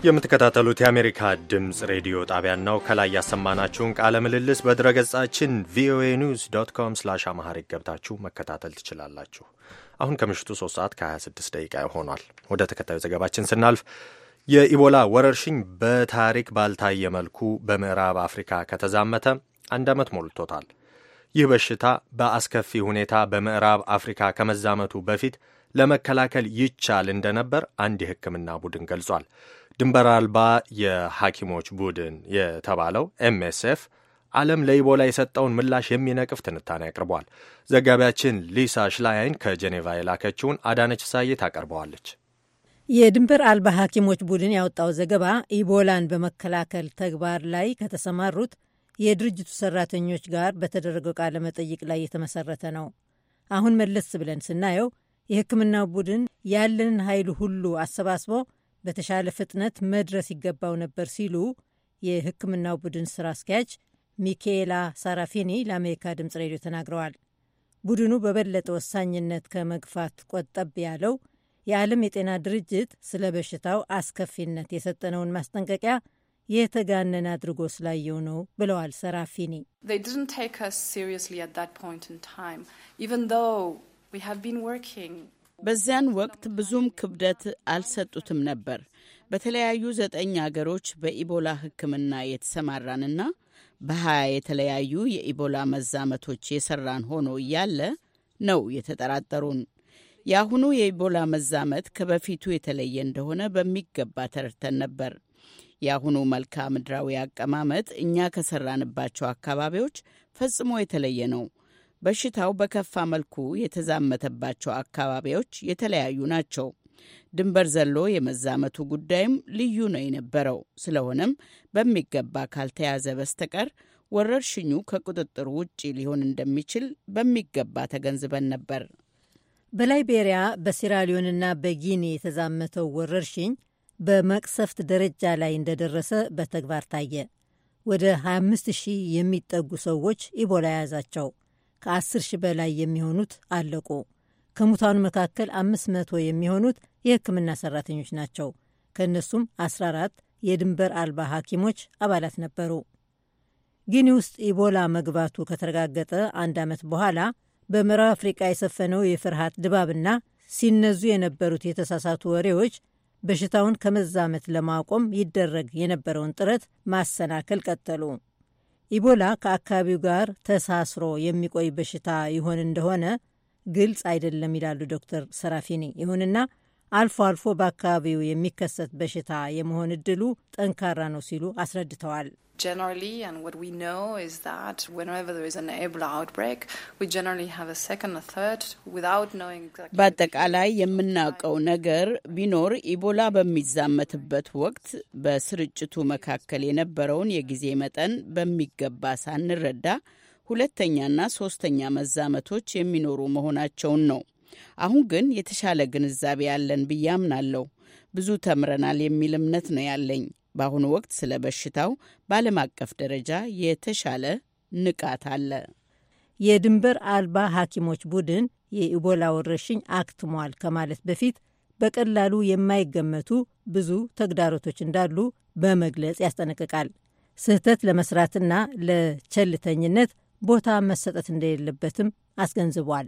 የምትከታተሉት የአሜሪካ ድምፅ ሬዲዮ ጣቢያን ነው። ከላይ ያሰማናችሁን ቃለ ምልልስ በድረገጻችን ቪኦኤ ኒውስ ዶት ኮም ስላሽ አማሃሪክ ገብታችሁ መከታተል ትችላላችሁ። አሁን ከምሽቱ 3 ሰዓት ከ26 ደቂቃ ሆኗል። ወደ ተከታዩ ዘገባችን ስናልፍ የኢቦላ ወረርሽኝ በታሪክ ባልታየ መልኩ በምዕራብ አፍሪካ ከተዛመተ አንድ ዓመት ሞልቶታል። ይህ በሽታ በአስከፊ ሁኔታ በምዕራብ አፍሪካ ከመዛመቱ በፊት ለመከላከል ይቻል እንደነበር አንድ የሕክምና ቡድን ገልጿል። ድንበር አልባ የሐኪሞች ቡድን የተባለው ኤምኤስኤፍ ዓለም ለኢቦላ የሰጠውን ምላሽ የሚነቅፍ ትንታኔ አቅርቧል። ዘጋቢያችን ሊሳ ሽላይን ከጄኔቫ የላከችውን አዳነች ሳዬ ታቀርበዋለች። የድንበር አልባ ሐኪሞች ቡድን ያወጣው ዘገባ ኢቦላን በመከላከል ተግባር ላይ ከተሰማሩት የድርጅቱ ሰራተኞች ጋር በተደረገው ቃለ መጠይቅ ላይ የተመሰረተ ነው። አሁን መለስ ብለን ስናየው የሕክምናው ቡድን ያለንን ኃይል ሁሉ አሰባስቦ በተሻለ ፍጥነት መድረስ ይገባው ነበር ሲሉ የሕክምናው ቡድን ስራ አስኪያጅ ሚካኤላ ሳራፊኒ ለአሜሪካ ድምፅ ሬዲዮ ተናግረዋል። ቡድኑ በበለጠ ወሳኝነት ከመግፋት ቆጠብ ያለው የዓለም የጤና ድርጅት ስለ በሽታው አስከፊነት የሰጠነውን ማስጠንቀቂያ የተጋነን አድርጎ ስላየው ነው ብለዋል ሰራፊኒ። በዚያን ወቅት ብዙም ክብደት አልሰጡትም ነበር። በተለያዩ ዘጠኝ አገሮች በኢቦላ ሕክምና የተሰማራንና በሀያ የተለያዩ የኢቦላ መዛመቶች የሰራን ሆኖ እያለ ነው የተጠራጠሩን። የአሁኑ የኢቦላ መዛመት ከበፊቱ የተለየ እንደሆነ በሚገባ ተረድተን ነበር። የአሁኑ መልክዓ ምድራዊ አቀማመጥ እኛ ከሰራንባቸው አካባቢዎች ፈጽሞ የተለየ ነው። በሽታው በከፋ መልኩ የተዛመተባቸው አካባቢዎች የተለያዩ ናቸው። ድንበር ዘሎ የመዛመቱ ጉዳይም ልዩ ነው የነበረው። ስለሆነም በሚገባ ካልተያዘ በስተቀር ወረርሽኙ ከቁጥጥር ውጪ ሊሆን እንደሚችል በሚገባ ተገንዝበን ነበር። በላይቤሪያ በሲራሊዮንና በጊኒ የተዛመተው ወረርሽኝ በመቅሰፍት ደረጃ ላይ እንደደረሰ በተግባር ታየ። ወደ 25 ሺህ የሚጠጉ ሰዎች ኢቦላ የያዛቸው ከ10 ሺ በላይ የሚሆኑት አለቁ። ከሙታኑ መካከል 500 የሚሆኑት የሕክምና ሰራተኞች ናቸው። ከእነሱም 14 የድንበር አልባ ሐኪሞች አባላት ነበሩ። ጊኒ ውስጥ ኢቦላ መግባቱ ከተረጋገጠ አንድ ዓመት በኋላ በምዕራብ አፍሪቃ የሰፈነው የፍርሃት ድባብና ሲነዙ የነበሩት የተሳሳቱ ወሬዎች በሽታውን ከመዛመት ለማቆም ይደረግ የነበረውን ጥረት ማሰናከል ቀጠሉ። ኢቦላ ከአካባቢው ጋር ተሳስሮ የሚቆይ በሽታ ይሆን እንደሆነ ግልጽ አይደለም ይላሉ ዶክተር ሰራፊኒ። ይሁንና አልፎ አልፎ በአካባቢው የሚከሰት በሽታ የመሆን እድሉ ጠንካራ ነው ሲሉ አስረድተዋል። generally, and what we know is that whenever there is an Ebola outbreak, we generally have a second, or third, without knowing exactly. በአጠቃላይ የምናውቀው ነገር ቢኖር ኢቦላ በሚዛመትበት ወቅት በስርጭቱ መካከል የነበረውን የጊዜ መጠን በሚገባ ሳንረዳ ሁለተኛና ሶስተኛ መዛመቶች የሚኖሩ መሆናቸውን ነው። አሁን ግን የተሻለ ግንዛቤ ያለን ብዬ አምናለሁ። ብዙ ተምረናል የሚል እምነት ነው ያለኝ። በአሁኑ ወቅት ስለ በሽታው በዓለም አቀፍ ደረጃ የተሻለ ንቃት አለ። የድንበር አልባ ሐኪሞች ቡድን የኢቦላ ወረርሽኝ አክትሟል ከማለት በፊት በቀላሉ የማይገመቱ ብዙ ተግዳሮቶች እንዳሉ በመግለጽ ያስጠነቅቃል። ስህተት ለመስራትና ለቸልተኝነት ቦታ መሰጠት እንደሌለበትም አስገንዝቧል።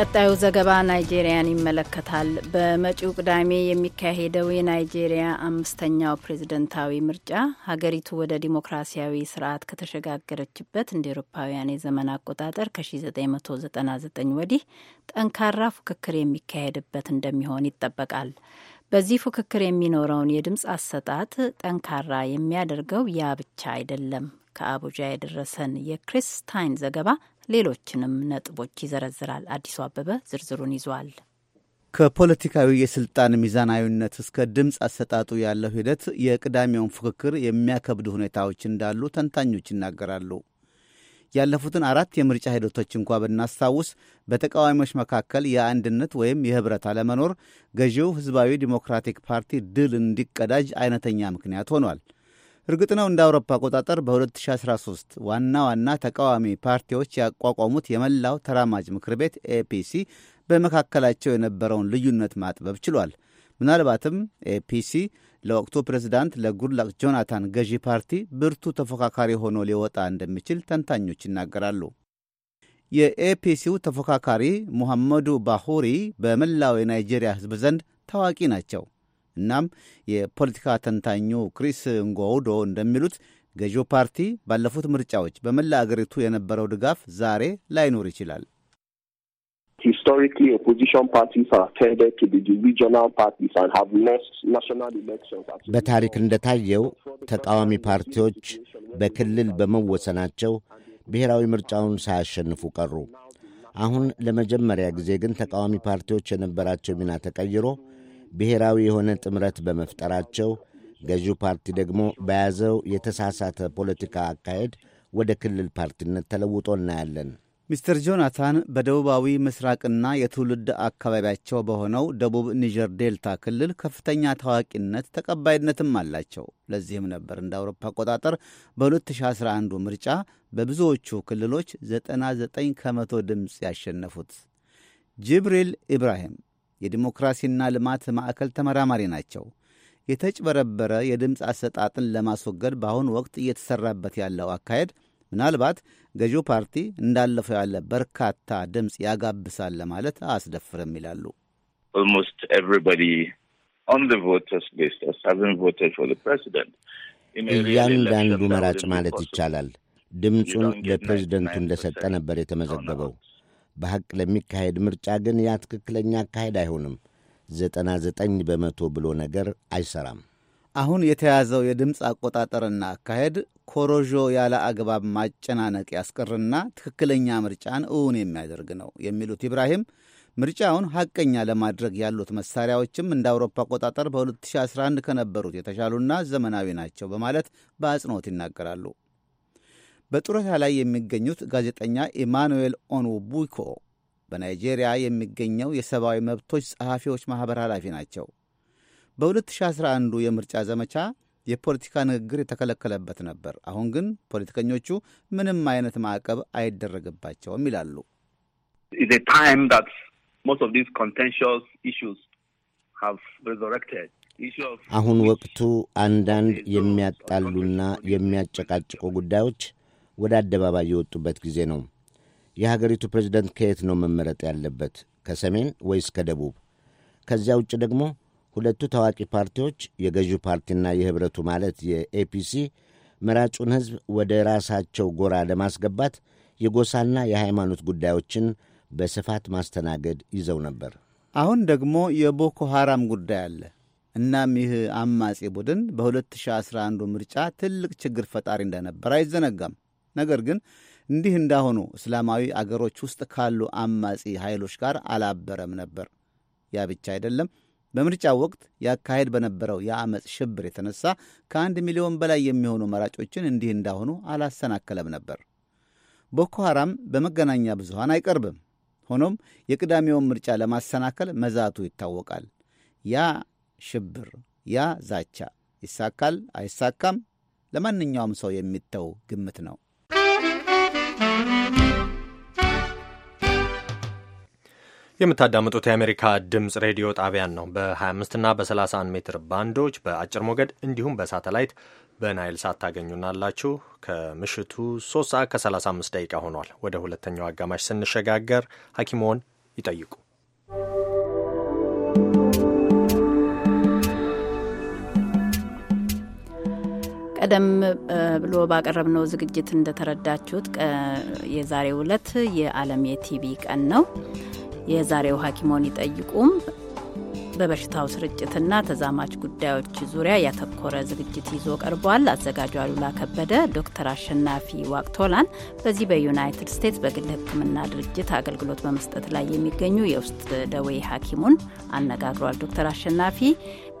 ቀጣዩ ዘገባ ናይጄሪያን ይመለከታል። በመጪው ቅዳሜ የሚካሄደው የናይጄሪያ አምስተኛው ፕሬዝደንታዊ ምርጫ ሀገሪቱ ወደ ዲሞክራሲያዊ ስርዓት ከተሸጋገረችበት እንደ ኤሮፓውያን የዘመን አቆጣጠር ከ1999 ወዲህ ጠንካራ ፉክክር የሚካሄድበት እንደሚሆን ይጠበቃል። በዚህ ፉክክር የሚኖረውን የድምፅ አሰጣት ጠንካራ የሚያደርገው ያ ብቻ አይደለም። ከአቡጃ የደረሰን የክሪስ ታይን ዘገባ ሌሎችንም ነጥቦች ይዘረዝራል። አዲሱ አበበ ዝርዝሩን ይዟል። ከፖለቲካዊ የስልጣን ሚዛናዊነት እስከ ድምፅ አሰጣጡ ያለው ሂደት የቅዳሜውን ፉክክር የሚያከብዱ ሁኔታዎች እንዳሉ ተንታኞች ይናገራሉ። ያለፉትን አራት የምርጫ ሂደቶች እንኳ ብናስታውስ በተቃዋሚዎች መካከል የአንድነት ወይም የህብረት አለመኖር ገዢው ህዝባዊ ዲሞክራቲክ ፓርቲ ድል እንዲቀዳጅ አይነተኛ ምክንያት ሆኗል። እርግጥ ነው እንደ አውሮፓ አቆጣጠር በ2013 ዋና ዋና ተቃዋሚ ፓርቲዎች ያቋቋሙት የመላው ተራማጅ ምክር ቤት ኤፒሲ በመካከላቸው የነበረውን ልዩነት ማጥበብ ችሏል። ምናልባትም ኤፒሲ ለወቅቱ ፕሬዝዳንት ለጉድላቅ ጆናታን ገዢ ፓርቲ ብርቱ ተፎካካሪ ሆኖ ሊወጣ እንደሚችል ተንታኞች ይናገራሉ። የኤፒሲው ተፎካካሪ ሙሐመዱ ባሁሪ በመላው የናይጄሪያ ሕዝብ ዘንድ ታዋቂ ናቸው። እናም የፖለቲካ ተንታኙ ክሪስ እንጎውዶ እንደሚሉት ገዢው ፓርቲ ባለፉት ምርጫዎች በመላ አገሪቱ የነበረው ድጋፍ ዛሬ ላይኖር ይችላል። በታሪክ እንደታየው ተቃዋሚ ፓርቲዎች በክልል በመወሰናቸው ብሔራዊ ምርጫውን ሳያሸንፉ ቀሩ። አሁን ለመጀመሪያ ጊዜ ግን ተቃዋሚ ፓርቲዎች የነበራቸው ሚና ተቀይሮ ብሔራዊ የሆነ ጥምረት በመፍጠራቸው ገዢው ፓርቲ ደግሞ በያዘው የተሳሳተ ፖለቲካ አካሄድ ወደ ክልል ፓርቲነት ተለውጦ እናያለን። ሚስተር ጆናታን በደቡባዊ ምስራቅና የትውልድ አካባቢያቸው በሆነው ደቡብ ኒጀር ዴልታ ክልል ከፍተኛ ታዋቂነት ተቀባይነትም አላቸው። ለዚህም ነበር እንደ አውሮፓ አቆጣጠር በ2011 ምርጫ በብዙዎቹ ክልሎች 99 ከመቶ ድምፅ ያሸነፉት። ጅብሪል ኢብራሂም የዲሞክራሲና ልማት ማዕከል ተመራማሪ ናቸው። የተጭበረበረ የድምፅ አሰጣጥን ለማስወገድ በአሁኑ ወቅት እየተሰራበት ያለው አካሄድ ምናልባት ገዢው ፓርቲ እንዳለፈው ያለ በርካታ ድምፅ ያጋብሳል ለማለት አያስደፍርም ይላሉ። እያንዳንዱ መራጭ ማለት ይቻላል ድምፁን ለፕሬዚደንቱ እንደሰጠ ነበር የተመዘገበው። በሐቅ ለሚካሄድ ምርጫ ግን ያ ትክክለኛ አካሄድ አይሆንም። ዘጠና ዘጠኝ በመቶ ብሎ ነገር አይሰራም። አሁን የተያዘው የድምፅ አቆጣጠርና አካሄድ ኮሮዦ ያለ አግባብ ማጨናነቅ ያስቀርና ትክክለኛ ምርጫን እውን የሚያደርግ ነው የሚሉት ኢብራሂም ምርጫውን ሐቀኛ ለማድረግ ያሉት መሳሪያዎችም እንደ አውሮፓ አቆጣጠር በ2011 ከነበሩት የተሻሉና ዘመናዊ ናቸው በማለት በአጽንኦት ይናገራሉ። በጡረታ ላይ የሚገኙት ጋዜጠኛ ኢማኑኤል ኦንቡኮ በናይጄሪያ የሚገኘው የሰብአዊ መብቶች ጸሐፊዎች ማኅበር ኃላፊ ናቸው። በ2011 የምርጫ ዘመቻ የፖለቲካ ንግግር የተከለከለበት ነበር። አሁን ግን ፖለቲከኞቹ ምንም አይነት ማዕቀብ አይደረግባቸውም ይላሉ። አሁን ወቅቱ አንዳንድ የሚያጣሉና የሚያጨቃጭቁ ጉዳዮች ወደ አደባባይ የወጡበት ጊዜ ነው። የሀገሪቱ ፕሬዚደንት ከየት ነው መመረጥ ያለበት? ከሰሜን ወይስ ከደቡብ? ከዚያ ውጭ ደግሞ ሁለቱ ታዋቂ ፓርቲዎች የገዢው ፓርቲና የህብረቱ ማለት የኤፒሲ መራጩን ሕዝብ ወደ ራሳቸው ጎራ ለማስገባት የጎሳና የሃይማኖት ጉዳዮችን በስፋት ማስተናገድ ይዘው ነበር። አሁን ደግሞ የቦኮ ሐራም ጉዳይ አለ። እናም ይህ አማጺ ቡድን በ2011 ምርጫ ትልቅ ችግር ፈጣሪ እንደነበር አይዘነጋም። ነገር ግን እንዲህ እንዳሆኑ እስላማዊ አገሮች ውስጥ ካሉ አማጺ ኃይሎች ጋር አላበረም ነበር። ያ ብቻ አይደለም። በምርጫው ወቅት ያካሄድ በነበረው የአመፅ ሽብር የተነሳ ከአንድ ሚሊዮን በላይ የሚሆኑ መራጮችን እንዲህ እንዳሆኑ አላሰናከለም ነበር። ቦኮ ሐራም በመገናኛ ብዙሃን አይቀርብም። ሆኖም የቅዳሜውን ምርጫ ለማሰናከል መዛቱ ይታወቃል። ያ ሽብር፣ ያ ዛቻ ይሳካል አይሳካም ለማንኛውም ሰው የሚተው ግምት ነው። የምታዳምጡት የአሜሪካ ድምፅ ሬዲዮ ጣቢያን ነው። በ25 እና በ31 ሜትር ባንዶች በአጭር ሞገድ እንዲሁም በሳተላይት በናይል ሳት ታገኙናላችሁ። ከምሽቱ 3 ሰዓት ከ35 ደቂቃ ሆኗል። ወደ ሁለተኛው አጋማሽ ስንሸጋገር ሐኪሞን ይጠይቁ ቀደም ብሎ ባቀረብነው ዝግጅት እንደተረዳችሁት የዛሬው ዕለት የዓለም የቲቪ ቀን ነው። የዛሬው ሐኪሞን ይጠይቁም በበሽታው ስርጭትና ተዛማች ጉዳዮች ዙሪያ ያተኮረ ዝግጅት ይዞ ቀርቧል። አዘጋጁ አሉላ ከበደ ዶክተር አሸናፊ ዋቅቶላን በዚህ በዩናይትድ ስቴትስ በግል ሕክምና ድርጅት አገልግሎት በመስጠት ላይ የሚገኙ የውስጥ ደዌ ሐኪሙን አነጋግሯል። ዶክተር አሸናፊ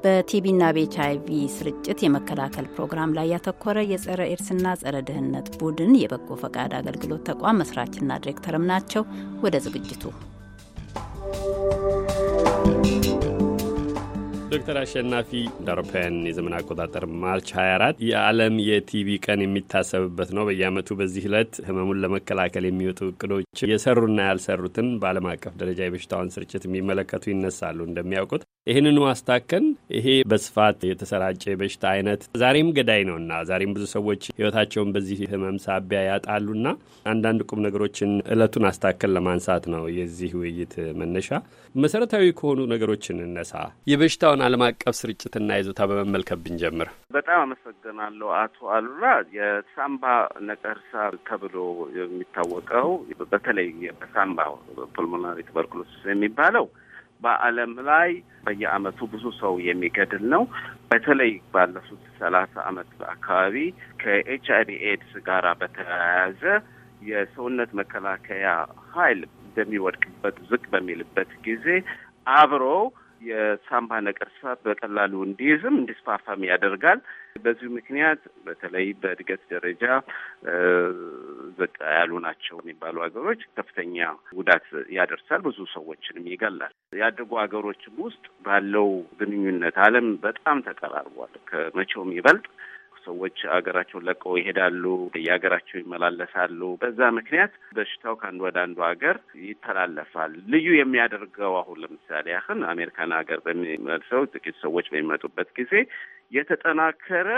በቲቢና በኤች አይቪ ስርጭት የመከላከል ፕሮግራም ላይ ያተኮረ የጸረ ኤድስና ጸረ ድህነት ቡድን የበጎ ፈቃድ አገልግሎት ተቋም መስራችና ዲሬክተርም ናቸው። ወደ ዝግጅቱ ዶክተር አሸናፊ እንደ አውሮፓውያን የዘመን አቆጣጠር ማርች 24 የዓለም የቲቢ ቀን የሚታሰብበት ነው። በየዓመቱ በዚህ ዕለት ህመሙን ለመከላከል የሚወጡ እቅዶች የሰሩና ያልሰሩትን በዓለም አቀፍ ደረጃ የበሽታውን ስርጭት የሚመለከቱ ይነሳሉ። እንደሚያውቁት ይህንኑ አስታከን ይሄ በስፋት የተሰራጨ በሽታ አይነት ዛሬም ገዳይ ነውና ዛሬም ብዙ ሰዎች ህይወታቸውን በዚህ ህመም ሳቢያ ያጣሉና አንዳንድ ቁም ነገሮችን እለቱን አስታከን ለማንሳት ነው የዚህ ውይይት መነሻ። መሰረታዊ ከሆኑ ነገሮች እነሳ። የበሽታውን ዓለም አቀፍ ስርጭትና ይዞታ በመመልከት ብንጀምር። በጣም አመሰግናለሁ አቶ አሉላ። የሳምባ ነቀርሳ ተብሎ የሚታወቀው በተለይ በሳምባ ፑልሞናሪ ቱበርኩሎሲስ የሚባለው በዓለም ላይ በየዓመቱ ብዙ ሰው የሚገድል ነው። በተለይ ባለፉት ሰላሳ ዓመት አካባቢ ከኤች አይቪ ኤድስ ጋር በተያያዘ የሰውነት መከላከያ ኃይል በሚወድቅበት ዝቅ በሚልበት ጊዜ አብሮ የሳምባ ነቀርሳ በቀላሉ እንዲይዝም እንዲስፋፋም ያደርጋል። በዚሁ ምክንያት በተለይ በእድገት ደረጃ ዘቃ ያሉ ናቸው የሚባሉ ሀገሮች ከፍተኛ ጉዳት ያደርሳል፣ ብዙ ሰዎችንም ይገላል። ያደጉ ሀገሮችም ውስጥ ባለው ግንኙነት ዓለም በጣም ተቀራርቧል ከመቼውም ይበልጥ ሰዎች ሀገራቸውን ለቀው ይሄዳሉ፣ የሀገራቸው ይመላለሳሉ። በዛ ምክንያት በሽታው ከአንድ ወደ አንዱ ሀገር ይተላለፋል። ልዩ የሚያደርገው አሁን ለምሳሌ ያህል አሜሪካን ሀገር በሚመልሰው ጥቂት ሰዎች በሚመጡበት ጊዜ የተጠናከረ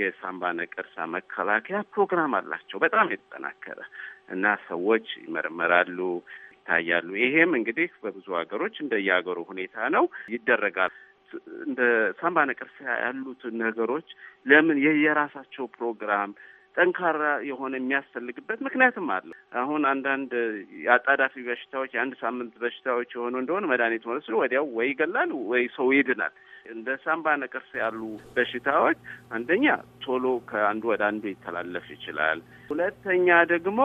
የሳምባ ነቀርሳ መከላከያ ፕሮግራም አላቸው። በጣም የተጠናከረ እና ሰዎች ይመረመራሉ ይታያሉ። ይሄም እንግዲህ በብዙ ሀገሮች እንደየሀገሩ ሁኔታ ነው ይደረጋል። እንደ ሳምባ ነቀርሳ ያሉት ነገሮች ለምን የየራሳቸው ፕሮግራም ጠንካራ የሆነ የሚያስፈልግበት ምክንያትም አለ። አሁን አንዳንድ የአጣዳፊ በሽታዎች የአንድ ሳምንት በሽታዎች የሆኑ እንደሆነ መድኃኒት ወስዶ ወዲያው ወይ ይገላል ወይ ሰው ይድናል። እንደ ሳምባ ነቀርሳ ያሉ በሽታዎች አንደኛ ቶሎ ከአንዱ ወደ አንዱ ይተላለፍ ይችላል። ሁለተኛ ደግሞ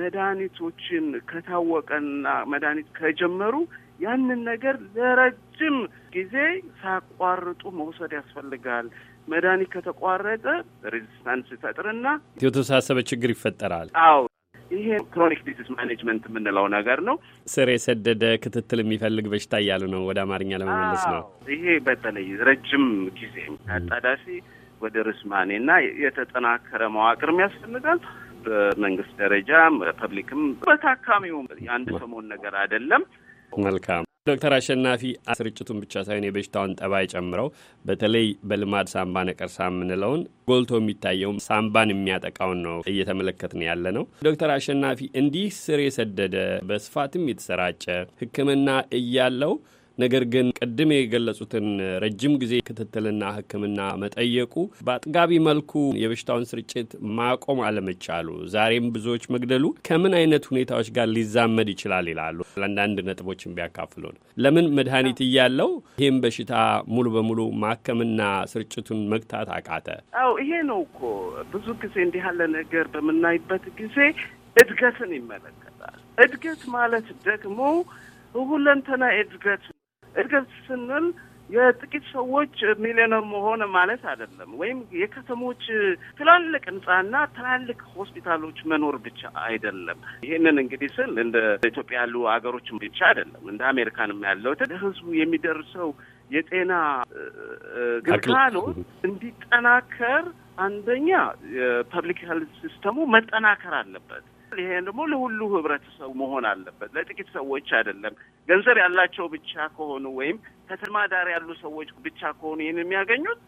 መድኃኒቶችን ከታወቀና መድኃኒት ከጀመሩ ያንን ነገር ለረጅም ጊዜ ሳያቋርጡ መውሰድ ያስፈልጋል። መድኃኒት ከተቋረጠ ሬዚስታንስ ይፈጥርና የተወሳሰበ ችግር ይፈጠራል። አዎ ይሄ ክሮኒክ ዲዚዝ ማኔጅመንት የምንለው ነገር ነው። ስር የሰደደ ክትትል የሚፈልግ በሽታ እያሉ ነው ወደ አማርኛ ለመመለስ ነው። ይሄ በተለይ ረጅም ጊዜ አጣዳፊ ወደ ርስማኔ እና የተጠናከረ መዋቅር ያስፈልጋል። በመንግስት ደረጃ ፐብሊክም፣ በታካሚውም የአንድ ሰሞን ነገር አይደለም። መልካም ዶክተር አሸናፊ ስርጭቱን ብቻ ሳይሆን የበሽታውን ጠባይ ጨምረው በተለይ በልማድ ሳምባ ነቀርሳ የምንለውን ጎልቶ የሚታየውም ሳምባን የሚያጠቃውን ነው እየተመለከትን ያለ ነው። ዶክተር አሸናፊ እንዲህ ስር የሰደደ በስፋትም የተሰራጨ ሕክምና እያለው ነገር ግን ቅድም የገለጹትን ረጅም ጊዜ ክትትልና ሕክምና መጠየቁ በአጥጋቢ መልኩ የበሽታውን ስርጭት ማቆም አለመቻሉ፣ ዛሬም ብዙዎች መግደሉ ከምን አይነት ሁኔታዎች ጋር ሊዛመድ ይችላል ይላሉ። ለአንዳንድ ነጥቦችን ቢያካፍሉን። ለምን መድኃኒት እያለው ይህም በሽታ ሙሉ በሙሉ ማከምና ስርጭቱን መግታት አቃተ? አዎ ይሄ ነው እኮ ብዙ ጊዜ እንዲህ ያለ ነገር በምናይበት ጊዜ እድገትን ይመለከታል። እድገት ማለት ደግሞ ሁለንተና እድገት እድገት ስንል የጥቂት ሰዎች ሚሊዮነር መሆን ማለት አይደለም። ወይም የከተሞች ትላልቅ ህንጻና ትላልቅ ሆስፒታሎች መኖር ብቻ አይደለም። ይህንን እንግዲህ ስል እንደ ኢትዮጵያ ያሉ ሀገሮች ብቻ አይደለም፣ እንደ አሜሪካንም ያለው ህዝቡ የሚደርሰው የጤና ግልጋሎት እንዲጠናከር አንደኛ የፐብሊክ ሄልት ሲስተሙ መጠናከር አለበት። ይሄ ደግሞ ለሁሉ ህብረተሰቡ መሆን አለበት፣ ለጥቂት ሰዎች አይደለም። ገንዘብ ያላቸው ብቻ ከሆኑ ወይም ከተማ ዳር ያሉ ሰዎች ብቻ ከሆኑ ይህን የሚያገኙት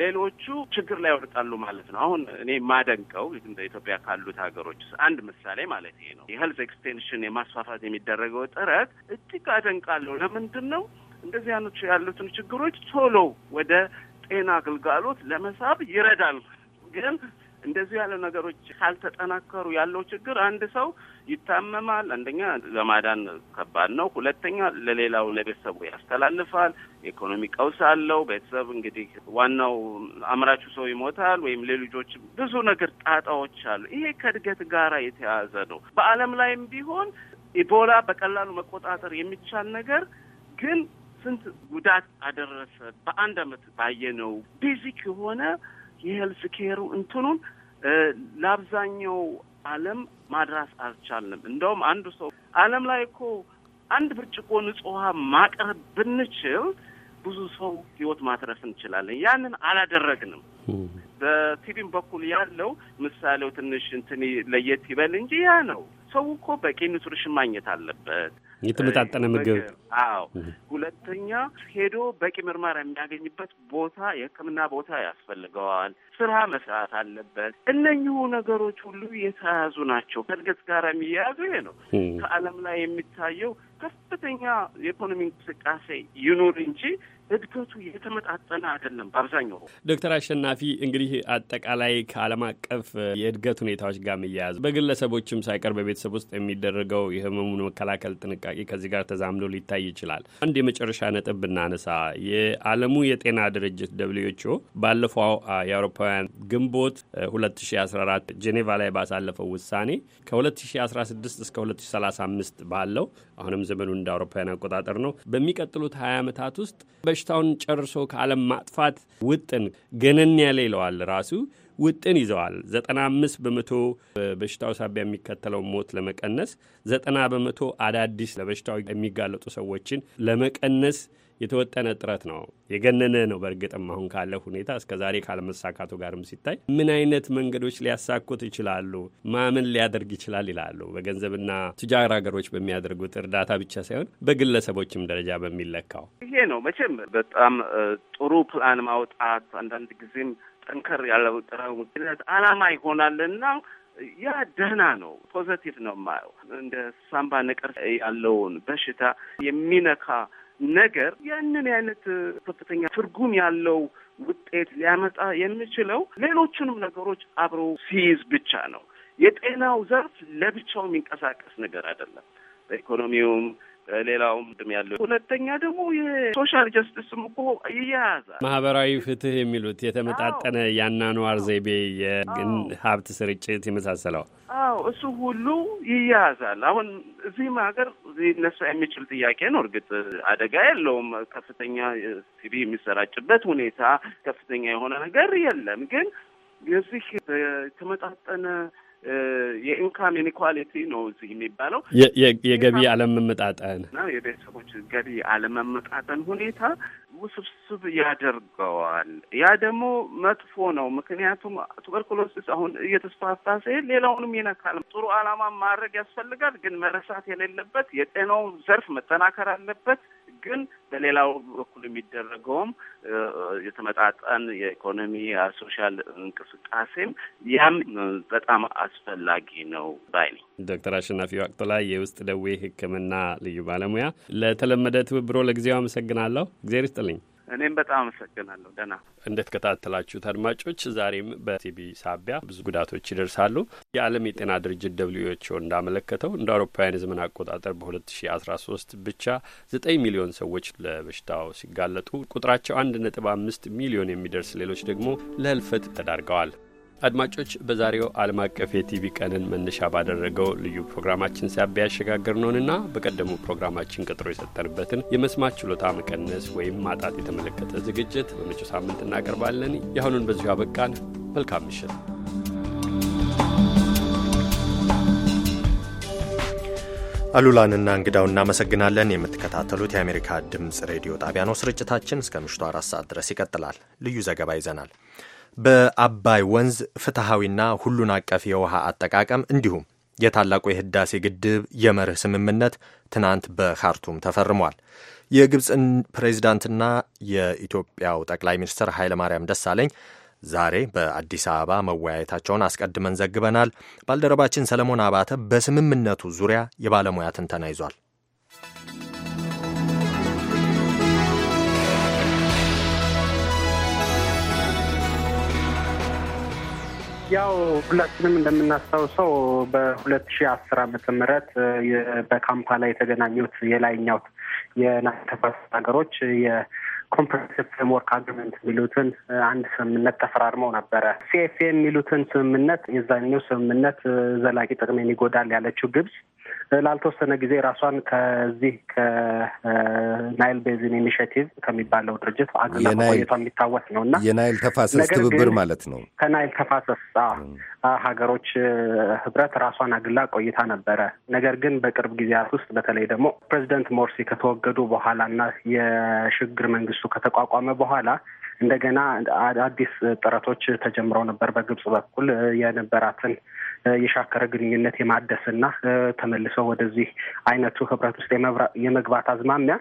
ሌሎቹ ችግር ላይ ይወድቃሉ ማለት ነው። አሁን እኔ የማደንቀው እንደ ኢትዮጵያ ካሉት ሀገሮች አንድ ምሳሌ ማለት ይሄ ነው። የሄልዝ ኤክስቴንሽን የማስፋፋት የሚደረገው ጥረት እጅግ አደንቃለሁ። ለምንድን ነው እንደዚህ አይነቱ ያሉትን ችግሮች ቶሎ ወደ ጤና አገልጋሎት ለመሳብ ይረዳል። ግን እንደዚህ ያለ ነገሮች ካልተጠናከሩ ያለው ችግር አንድ ሰው ይታመማል። አንደኛ ለማዳን ከባድ ነው። ሁለተኛ ለሌላው ለቤተሰቡ ያስተላልፋል። ኢኮኖሚ ቀውስ አለው። ቤተሰብ እንግዲህ ዋናው አምራቹ ሰው ይሞታል፣ ወይም ለልጆች ብዙ ነገር ጣጣዎች አሉ። ይሄ ከእድገት ጋር የተያያዘ ነው። በዓለም ላይም ቢሆን ኢቦላ በቀላሉ መቆጣጠር የሚቻል ነገር ግን ስንት ጉዳት አደረሰ። በአንድ አመት ባየነው ቤዚክ የሆነ የሄልስ ኬሩ እንትኑን ለአብዛኛው ዓለም ማድራስ አልቻልንም። እንደውም አንዱ ሰው ዓለም ላይ እኮ አንድ ብርጭቆ ንጹህ ውሃ ማቅረብ ብንችል ብዙ ሰው ህይወት ማትረፍ እንችላለን። ያንን አላደረግንም። በቲቪም በኩል ያለው ምሳሌው ትንሽ እንትን ለየት ይበል እንጂ ያ ነው። ሰው እኮ በቂ ኒውትሪሽን ማግኘት አለበት። የተመጣጠነ ምግብ። አዎ። ሁለተኛ ሄዶ በቂ ምርመራ የሚያገኝበት ቦታ፣ የሕክምና ቦታ ያስፈልገዋል። ስራ መስራት አለበት። እነኚሁ ነገሮች ሁሉ የተያያዙ ናቸው። ከእድገት ጋር የሚያያዙ ይሄ ነው። ከዓለም ላይ የሚታየው ከፍተኛ የኢኮኖሚ እንቅስቃሴ ይኑር እንጂ እድገቱ የተመጣጠነ አይደለም። በአብዛኛው ዶክተር አሸናፊ እንግዲህ አጠቃላይ ከዓለም አቀፍ የእድገት ሁኔታዎች ጋር መያያዝ በግለሰቦችም ሳይቀር በቤተሰብ ውስጥ የሚደረገው የህመሙን መከላከል ጥንቃቄ ከዚህ ጋር ተዛምዶ ሊታይ ይችላል። አንድ የመጨረሻ ነጥብ ብናነሳ የዓለሙ የጤና ድርጅት ደብሊውኤችኦ ባለፈው የአውሮፓውያን ግንቦት 2014 ጄኔቫ ላይ ባሳለፈው ውሳኔ ከ2016 እስከ 2035 ባለው አሁንም ዘመኑ እንደ አውሮፓውያን አቆጣጠር ነው። በሚቀጥሉት ሀያ ዓመታት ውስጥ በሽታውን ጨርሶ ከዓለም ማጥፋት ውጥን ገነን ያለ ይለዋል ራሱ ውጥን ይዘዋል። ዘጠና አምስት በመቶ በሽታው ሳቢያ የሚከተለው ሞት ለመቀነስ ዘጠና በመቶ አዳዲስ ለበሽታው የሚጋለጡ ሰዎችን ለመቀነስ የተወጠነ ጥረት ነው። የገነነ ነው። በእርግጥም አሁን ካለ ሁኔታ እስከ ዛሬ ካለመሳካቱ ጋርም ሲታይ ምን አይነት መንገዶች ሊያሳኩት ይችላሉ፣ ማምን ሊያደርግ ይችላል ይላሉ። በገንዘብና ቱጃር ሀገሮች በሚያደርጉት እርዳታ ብቻ ሳይሆን በግለሰቦችም ደረጃ በሚለካው ይሄ ነው። መቼም በጣም ጥሩ ፕላን ማውጣት አንዳንድ ጊዜም ጠንከር ያለው ምክንያት አላማ ይሆናልና ያ ደህና ነው። ፖዘቲቭ ነው የማየው እንደ ሳምባ ነቀርሳ ያለውን በሽታ የሚነካ ነገር ያንን አይነት ከፍተኛ ትርጉም ያለው ውጤት ሊያመጣ የሚችለው ሌሎችንም ነገሮች አብሮ ሲይዝ ብቻ ነው። የጤናው ዘርፍ ለብቻው የሚንቀሳቀስ ነገር አይደለም። በኢኮኖሚውም ሌላውም ድም ያለው ሁለተኛ ደግሞ የሶሻል ጀስትስም እኮ ይያያዛል። ማህበራዊ ፍትህ የሚሉት የተመጣጠነ የአኗኗር ዘይቤ፣ የሀብት ስርጭት የመሳሰለው አዎ፣ እሱ ሁሉ ይያያዛል። አሁን እዚህም ሀገር ሊነሳ የሚችል ጥያቄ ነው። እርግጥ አደጋ የለውም። ከፍተኛ ሲቪ የሚሰራጭበት ሁኔታ ከፍተኛ የሆነ ነገር የለም። ግን የዚህ የተመጣጠነ የኢንካም ኢኒኳሊቲ ነው እዚህ የሚባለው የገቢ አለመመጣጠን የቤተሰቦች ገቢ አለመመጣጠን ሁኔታ ውስብስብ ያደርገዋል። ያ ደግሞ መጥፎ ነው። ምክንያቱም ቱበርኩሎሲስ አሁን እየተስፋፋ ሲሄድ ሌላውንም ይነካል። ጥሩ ዓላማ ማድረግ ያስፈልጋል፣ ግን መረሳት የሌለበት የጤናው ዘርፍ መጠናከር አለበት። ግን በሌላው በኩል የሚደረገውም የተመጣጠን የኢኮኖሚ ሶሻል እንቅስቃሴም ያም በጣም አስፈላጊ ነው ባይ ነኝ። ዶክተር አሸናፊ ዋቅቶ ላይ የውስጥ ደዌ ሕክምና ልዩ ባለሙያ ለተለመደ ትብብሮ ለጊዜው አመሰግናለሁ። እግዜር ይስጥልኝ። እኔም በጣም አመሰግናለሁ። ደህና እንደተከታተላችሁት አድማጮች፣ ዛሬም በቲቢ ሳቢያ ብዙ ጉዳቶች ይደርሳሉ። የዓለም የጤና ድርጅት ደብሊውኤችኦ እንዳመለከተው እንደ አውሮፓውያን የዘመን አቆጣጠር በ2013 ብቻ 9 ሚሊዮን ሰዎች ለበሽታው ሲጋለጡ ቁጥራቸው 1.5 ሚሊዮን የሚደርስ ሌሎች ደግሞ ለህልፈት ተዳርገዋል። አድማጮች በዛሬው ዓለም አቀፍ የቲቪ ቀንን መነሻ ባደረገው ልዩ ፕሮግራማችን ሳቢያ ያሸጋገር ነውንና በቀደሙ ፕሮግራማችን ቀጥሮ የሰጠንበትን የመስማት ችሎታ መቀነስ ወይም ማጣት የተመለከተ ዝግጅት በመጪው ሳምንት እናቀርባለን። ያሁኑን በዚሁ አበቃን። መልካም ምሽት። አሉላንና እንግዳው እናመሰግናለን። የምትከታተሉት የአሜሪካ ድምፅ ሬዲዮ ጣቢያ ነው። ስርጭታችን እስከ ምሽቱ አራት ሰዓት ድረስ ይቀጥላል። ልዩ ዘገባ ይዘናል። በአባይ ወንዝ ፍትሐዊና ሁሉን አቀፍ የውሃ አጠቃቀም እንዲሁም የታላቁ የህዳሴ ግድብ የመርህ ስምምነት ትናንት በካርቱም ተፈርሟል። የግብፅን ፕሬዚዳንትና የኢትዮጵያው ጠቅላይ ሚኒስትር ኃይለማርያም ደሳለኝ ዛሬ በአዲስ አበባ መወያየታቸውን አስቀድመን ዘግበናል። ባልደረባችን ሰለሞን አባተ በስምምነቱ ዙሪያ የባለሙያ ትንተና ይዟል። ያው ሁላችንም እንደምናስታውሰው በሁለት ሺህ አስር ዓመተ ምህረት በካምፓላ የተገናኙት የላይኛው የናይል ተፋሰስ ሀገሮች ኮምፕሬሲቭ ፍሬምወርክ አግሪመንት የሚሉትን አንድ ስምምነት ተፈራርመው ነበረ። ሲኤፍ የሚሉትን ስምምነት የዛኛው ስምምነት ዘላቂ ጥቅሜን ይጎዳል ያለችው ግብጽ ላልተወሰነ ጊዜ ራሷን ከዚህ ከናይል ቤዝን ኢኒሽቲቭ ከሚባለው ድርጅት አግላ ቆየቷ የሚታወስ ነው እና የናይል ተፋሰስ ትብብር ማለት ነው ከናይል ተፋሰስ ሀገሮች ህብረት ራሷን አግላ ቆይታ ነበረ። ነገር ግን በቅርብ ጊዜያት ውስጥ በተለይ ደግሞ ፕሬዚደንት ሞርሲ ከተወገዱ በኋላ እና የሽግግር መንግስቱ ከተቋቋመ በኋላ እንደገና አዲስ ጥረቶች ተጀምረው ነበር። በግብጽ በኩል የነበራትን የሻከረ ግንኙነት የማደስና ተመልሰው ወደዚህ አይነቱ ህብረት ውስጥ የመግባት አዝማሚያ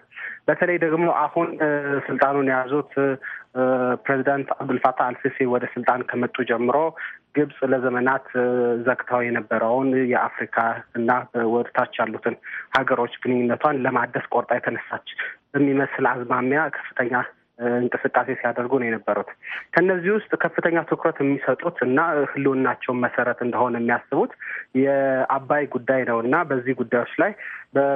በተለይ ደግሞ አሁን ስልጣኑን የያዙት ፕሬዚዳንት አብዱልፋታህ አልሲሲ ወደ ስልጣን ከመጡ ጀምሮ ግብጽ ለዘመናት ዘግታው የነበረውን የአፍሪካ እና ወደታች ያሉትን ሀገሮች ግንኙነቷን ለማደስ ቆርጣ የተነሳች በሚመስል አዝማሚያ ከፍተኛ እንቅስቃሴ ሲያደርጉ ነው የነበሩት። ከእነዚህ ውስጥ ከፍተኛ ትኩረት የሚሰጡት እና ህልውናቸውን መሰረት እንደሆነ የሚያስቡት የአባይ ጉዳይ ነው እና በዚህ ጉዳዮች ላይ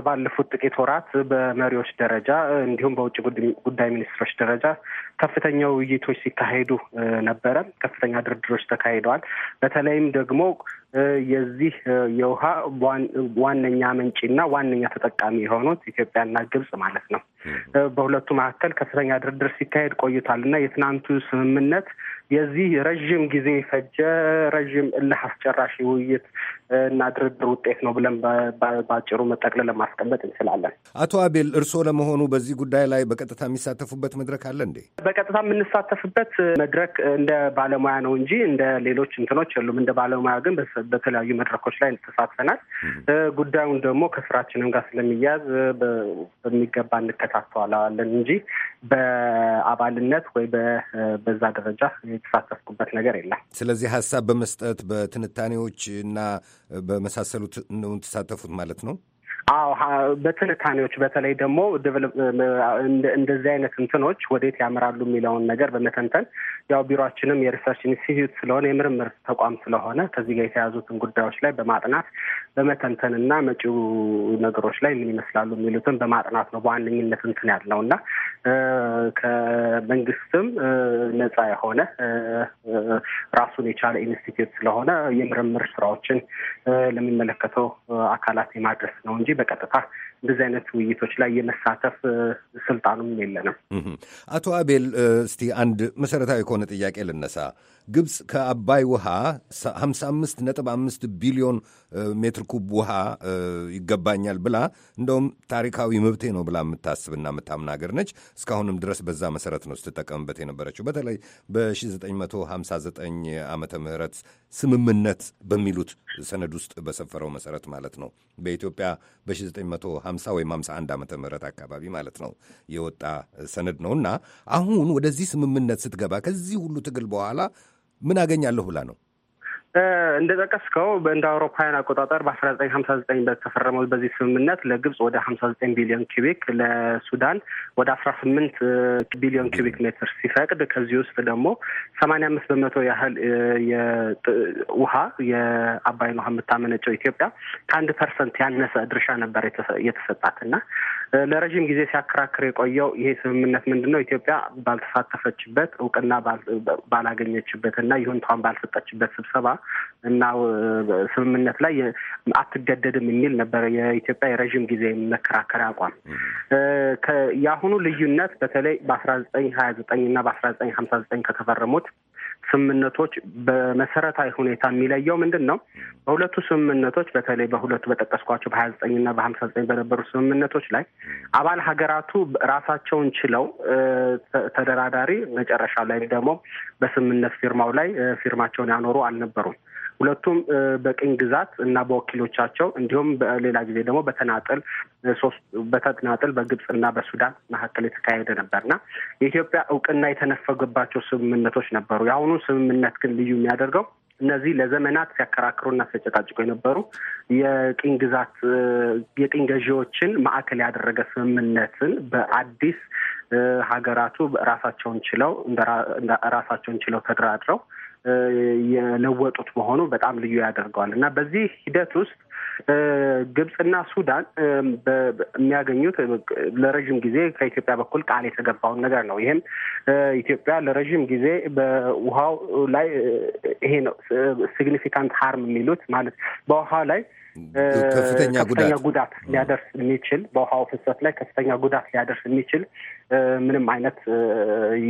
ባለፉት ጥቂት ወራት በመሪዎች ደረጃ እንዲሁም በውጭ ጉዳይ ሚኒስትሮች ደረጃ ከፍተኛ ውይይቶች ሲካሄዱ ነበረ። ከፍተኛ ድርድሮች ተካሂደዋል። በተለይም ደግሞ የዚህ የውሃ ዋነኛ ምንጭና ዋነኛ ተጠቃሚ የሆኑት ኢትዮጵያና ግብጽ ማለት ነው በሁለቱ መካከል ከፍተኛ ድርድር ሲካሄድ ቆይቷል እና የትናንቱ ስምምነት የዚህ ረዥም ጊዜ ፈጀ ረዥም እልህ አስጨራሽ ውይይት እና ድርድር ውጤት ነው ብለን በአጭሩ መጠቅለ ለማስቀመጥ እንችላለን። አቶ አቤል እርስዎ ለመሆኑ በዚህ ጉዳይ ላይ በቀጥታ የሚሳተፉበት መድረክ አለ እንዴ? በቀጥታ የምንሳተፍበት መድረክ እንደ ባለሙያ ነው እንጂ እንደ ሌሎች እንትኖች የሉም። እንደ ባለሙያ ግን በተለያዩ መድረኮች ላይ እንተሳትፈናል። ጉዳዩን ደግሞ ከስራችንም ጋር ስለሚያያዝ በሚገባ እንከታተዋለን እንጂ በአባልነት ወይ በዛ ደረጃ የተሳተፍኩበት ነገር የለም። ስለዚህ ሀሳብ በመስጠት በትንታኔዎች እና በመሳሰሉት ነው የምትሳተፉት ማለት ነው? አዎ በትንታኔዎች በተለይ ደግሞ እንደዚህ አይነት እንትኖች ወዴት ያምራሉ የሚለውን ነገር በመተንተን ያው ቢሮችንም የሪሰርች ኢንስቲትዩት ስለሆነ የምርምር ተቋም ስለሆነ ከዚህ ጋር የተያዙትን ጉዳዮች ላይ በማጥናት በመተንተን እና መጪው ነገሮች ላይ ምን ይመስላሉ የሚሉትን በማጥናት ነው በዋነኝነት እንትን ያለው እና ከመንግስትም ነፃ የሆነ ራሱን የቻለ ኢንስቲትዩት ስለሆነ የምርምር ስራዎችን ለሚመለከተው አካላት የማድረስ ነው እንጂ በቀጥታ እንደዚህ አይነት ውይይቶች ላይ የመሳተፍ ስልጣኑም የለንም። አቶ አቤል እስቲ አንድ መሰረታዊ ከሆነ ጥያቄ ልነሳ። ግብፅ ከአባይ ውሃ 55 ነጥብ 5 ቢሊዮን ሜትር ኩብ ውሃ ይገባኛል ብላ እንደውም ታሪካዊ መብቴ ነው ብላ የምታስብና የምታምን ሀገር ነች። እስካሁንም ድረስ በዛ መሰረት ነው ስትጠቀምበት የነበረችው። በተለይ በ1959 ዓመተ ምህረት ስምምነት በሚሉት ሰነድ ውስጥ በሰፈረው መሰረት ማለት ነው በኢትዮጵያ በ 50 ወይም 51 ዓመተ ምህረት አካባቢ ማለት ነው የወጣ ሰነድ ነው እና አሁን ወደዚህ ስምምነት ስትገባ ከዚህ ሁሉ ትግል በኋላ ምን አገኛለሁ ብላ ነው እንደ ጠቀስከው እንደ አውሮፓውያን አቆጣጠር በአስራ ዘጠኝ ሀምሳ ዘጠኝ በተፈረመው በዚህ ስምምነት ለግብጽ ወደ ሀምሳ ዘጠኝ ቢሊዮን ኪቢክ ለሱዳን ወደ አስራ ስምንት ቢሊዮን ኪቢክ ሜትር ሲፈቅድ ከዚህ ውስጥ ደግሞ ሰማንያ አምስት በመቶ ያህል ውሃ የአባይን ውሃ የምታመነጨው ኢትዮጵያ ከአንድ ፐርሰንት ያነሰ ድርሻ ነበር የተሰጣት እና ለረዥም ጊዜ ሲያከራክር የቆየው ይሄ ስምምነት ምንድን ነው ኢትዮጵያ ባልተሳተፈችበት እውቅና ባላገኘችበት እና ይሁንታን ባልሰጠችበት ስብሰባ እና ስምምነት ላይ አትገደድም የሚል ነበረ የኢትዮጵያ የረዥም ጊዜ መከራከሪያ አቋም። የአሁኑ ልዩነት በተለይ በአስራ ዘጠኝ ሀያ ዘጠኝ እና በአስራ ዘጠኝ ሀምሳ ዘጠኝ ከተፈረሙት ስምምነቶች በመሰረታዊ ሁኔታ የሚለየው ምንድን ነው? በሁለቱ ስምምነቶች በተለይ በሁለቱ በጠቀስኳቸው በሀያ ዘጠኝ እና በሀምሳ ዘጠኝ በነበሩ ስምምነቶች ላይ አባል ሀገራቱ ራሳቸውን ችለው ተደራዳሪ መጨረሻ ላይ ደግሞ በስምምነት ፊርማው ላይ ፊርማቸውን ያኖሩ አልነበሩም። ሁለቱም በቅኝ ግዛት እና በወኪሎቻቸው እንዲሁም በሌላ ጊዜ ደግሞ በተናጠል ሶስት በተናጠል በግብፅ እና በሱዳን መካከል የተካሄደ ነበር ና የኢትዮጵያ እውቅና የተነፈገባቸው ስምምነቶች ነበሩ። የአሁኑ ስምምነት ግን ልዩ የሚያደርገው እነዚህ ለዘመናት ሲያከራክሩና ሲያጨቃጭቁ የነበሩ የቅኝ ግዛት የቅኝ ገዢዎችን ማዕከል ያደረገ ስምምነትን በአዲስ ሀገራቱ ራሳቸውን ችለው ራሳቸውን ችለው ተደራድረው የለወጡት መሆኑ በጣም ልዩ ያደርገዋል እና በዚህ ሂደት ውስጥ ግብፅና ሱዳን የሚያገኙት ለረዥም ጊዜ ከኢትዮጵያ በኩል ቃል የተገባውን ነገር ነው። ይህም ኢትዮጵያ ለረዥም ጊዜ በውሃው ላይ ይሄ ነው ሲግኒፊካንት ሀርም የሚሉት ማለት በውሃ ላይ ከፍተኛ ጉዳት ሊያደርስ የሚችል በውሃው ፍሰት ላይ ከፍተኛ ጉዳት ሊያደርስ የሚችል ምንም አይነት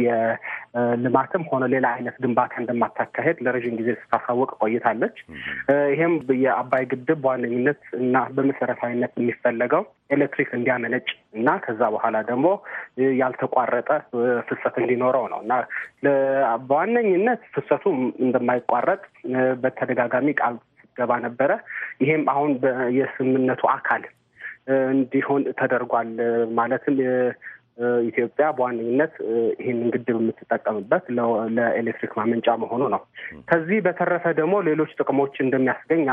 የልማትም ሆነ ሌላ አይነት ግንባታ እንደማታካሄድ ለረዥም ጊዜ ስታሳወቅ ቆይታለች። ይሄም የአባይ ግድብ በዋነኝነት እና በመሰረታዊነት የሚፈለገው ኤሌክትሪክ እንዲያመነጭ እና ከዛ በኋላ ደግሞ ያልተቋረጠ ፍሰት እንዲኖረው ነው እና በዋነኝነት ፍሰቱ እንደማይቋረጥ በተደጋጋሚ ቃል ገባ ነበረ። ይሄም አሁን የስምምነቱ አካል እንዲሆን ተደርጓል። ማለትም ኢትዮጵያ በዋነኝነት ይህንን ግድብ የምትጠቀምበት ለኤሌክትሪክ ማመንጫ መሆኑ ነው። ከዚህ በተረፈ ደግሞ ሌሎች ጥቅሞች እንደሚያስገኝ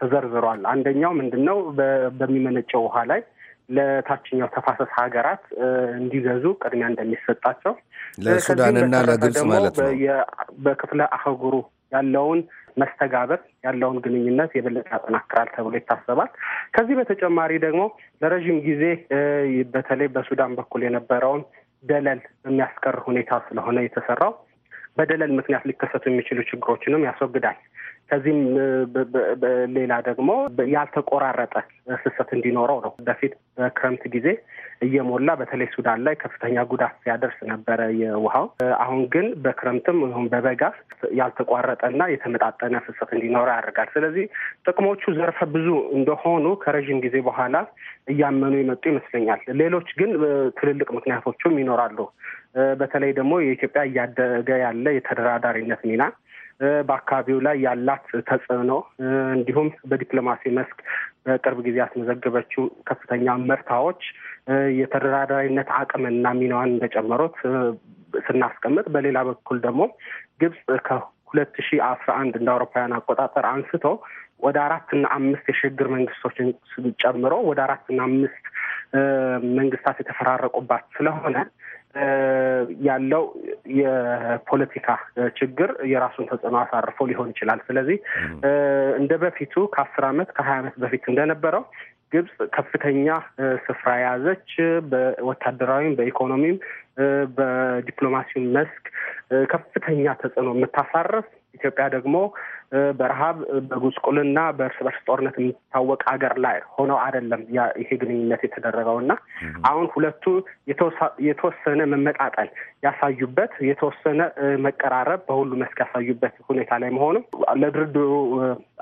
ተዘርዝሯል። አንደኛው ምንድን ነው? በሚመነጨው ውሃ ላይ ለታችኛው ተፋሰስ ሀገራት እንዲገዙ ቅድሚያ እንደሚሰጣቸው ለሱዳንና ለግብጽ ማለት ነው። በክፍለ አህጉሩ ያለውን መስተጋብር ያለውን ግንኙነት የበለጠ ያጠናክራል ተብሎ ይታሰባል። ከዚህ በተጨማሪ ደግሞ ለረዥም ጊዜ በተለይ በሱዳን በኩል የነበረውን ደለል የሚያስቀር ሁኔታ ስለሆነ የተሰራው በደለል ምክንያት ሊከሰቱ የሚችሉ ችግሮችንም ያስወግዳል። ከዚህም ሌላ ደግሞ ያልተቆራረጠ ፍሰት እንዲኖረው ነው። በፊት በክረምት ጊዜ እየሞላ በተለይ ሱዳን ላይ ከፍተኛ ጉዳት ሲያደርስ ነበረ የውሃው። አሁን ግን በክረምትም ይሁን በበጋ ና የተመጣጠነ ፍሰት እንዲኖረው ያደርጋል። ስለዚህ ጥቅሞቹ ዘርፈ ብዙ እንደሆኑ ከረዥም ጊዜ በኋላ እያመኑ የመጡ ይመስለኛል። ሌሎች ግን ትልልቅ ምክንያቶቹም ይኖራሉ። በተለይ ደግሞ የኢትዮጵያ እያደገ ያለ የተደራዳሪነት ሚና በአካባቢው ላይ ያላት ተጽዕኖ እንዲሁም በዲፕሎማሲ መስክ በቅርብ ጊዜ ያስመዘገበችው ከፍተኛ ምርታዎች የተደራዳሪነት አቅምና ሚናዋን እንደጨመሩት ስናስቀምጥ፣ በሌላ በኩል ደግሞ ግብጽ ከሁለት ሺህ አስራ አንድ እንደ አውሮፓውያን አቆጣጠር አንስቶ ወደ አራትና አምስት የሽግግር መንግስቶችን ጨምሮ ወደ አራትና አምስት መንግስታት የተፈራረቁባት ስለሆነ ያለው የፖለቲካ ችግር የራሱን ተጽዕኖ አሳርፎ ሊሆን ይችላል። ስለዚህ እንደ በፊቱ ከአስር ዓመት ከሀያ አመት በፊት እንደነበረው ግብጽ ከፍተኛ ስፍራ የያዘች በወታደራዊም በኢኮኖሚም በዲፕሎማሲው መስክ ከፍተኛ ተጽዕኖ የምታሳርፍ ኢትዮጵያ ደግሞ በረሃብ በጉስቁልና በእርስ በርስ ጦርነት የሚታወቅ ሀገር ላይ ሆነው አይደለም ይሄ ግንኙነት የተደረገው እና አሁን ሁለቱ የተወሰነ መመጣጠን ያሳዩበት የተወሰነ መቀራረብ በሁሉ መስክ ያሳዩበት ሁኔታ ላይ መሆኑ ለድርድሩ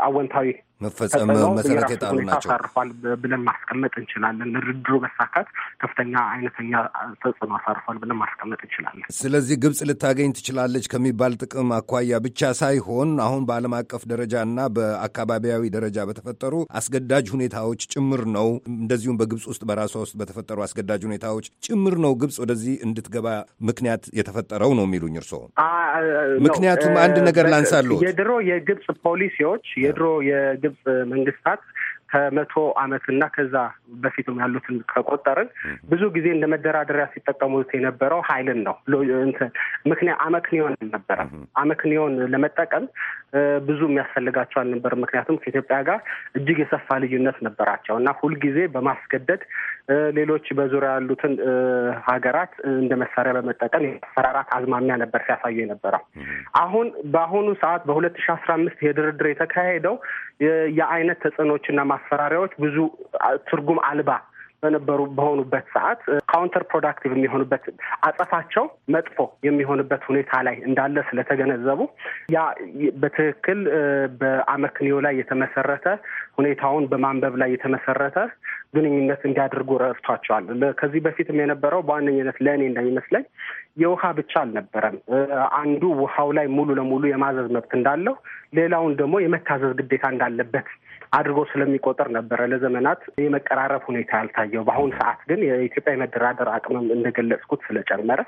አወንታዊ መፈጸም መሰረት የጣሉ ናቸው አሳርፏል ብለን ማስቀመጥ እንችላለን። ለድርድሩ መሳካት ከፍተኛ አይነተኛ ተጽዕኖ አሳርፏል ብለን ማስቀመጥ እንችላለን። ስለዚህ ግብጽ ልታገኝ ትችላለች ከሚባል ጥቅም አኳያ ብቻ ሳይሆን አሁን በዓለም አቀፍ ደረጃ እና በአካባቢያዊ ደረጃ በተፈጠሩ አስገዳጅ ሁኔታዎች ጭምር ነው። እንደዚሁም በግብጽ ውስጥ በራሷ ውስጥ በተፈጠሩ አስገዳጅ ሁኔታዎች ጭምር ነው ግብጽ ወደዚህ እንድትገባ ምክንያት የተፈጠረው ነው የሚሉኝ እርስዎ? ምክንያቱም አንድ ነገር ላንሳሉ የድሮ የግብጽ ፖሊሲዎች የድሮ የአረብ መንግስታት ከመቶ አመት እና ከዛ በፊትም ያሉትን ከቆጠርን ብዙ ጊዜ እንደ መደራደሪያ ሲጠቀሙት የነበረው ኃይልን ነው። ምክንያት አመክንዮን ነበረ። አመክንዮን ለመጠቀም ብዙ የሚያስፈልጋቸው አልነበረ። ምክንያቱም ከኢትዮጵያ ጋር እጅግ የሰፋ ልዩነት ነበራቸው እና ሁልጊዜ በማስገደድ ሌሎች በዙሪያ ያሉትን ሀገራት እንደ መሳሪያ በመጠቀም የመሰራራት አዝማሚያ ነበር ሲያሳዩ የነበረው። አሁን በአሁኑ ሰዓት በሁለት ሺ አስራ አምስት የድርድር የተካሄደው የአይነት ተጽዕኖችና ማስፈራሪያዎች ብዙ ትርጉም አልባ በነበሩ በሆኑበት ሰዓት ካውንተር ፕሮዳክቲቭ የሚሆኑበት አጸፋቸው መጥፎ የሚሆንበት ሁኔታ ላይ እንዳለ ስለተገነዘቡ ያ በትክክል በአመክንዮ ላይ የተመሰረተ ሁኔታውን በማንበብ ላይ የተመሰረተ ግንኙነት እንዲያደርጉ ረድቷቸዋል። ከዚህ በፊትም የነበረው በዋነኝነት ለእኔ እንደሚመስለኝ የውሃ ብቻ አልነበረም። አንዱ ውሃው ላይ ሙሉ ለሙሉ የማዘዝ መብት እንዳለው፣ ሌላውን ደግሞ የመታዘዝ ግዴታ እንዳለበት አድርጎ ስለሚቆጠር ነበረ ለዘመናት የመቀራረብ ሁኔታ ያልታየው። በአሁኑ ሰዓት ግን የኢትዮጵያ የመደራደር አቅምም እንደገለጽኩት ስለጨመረ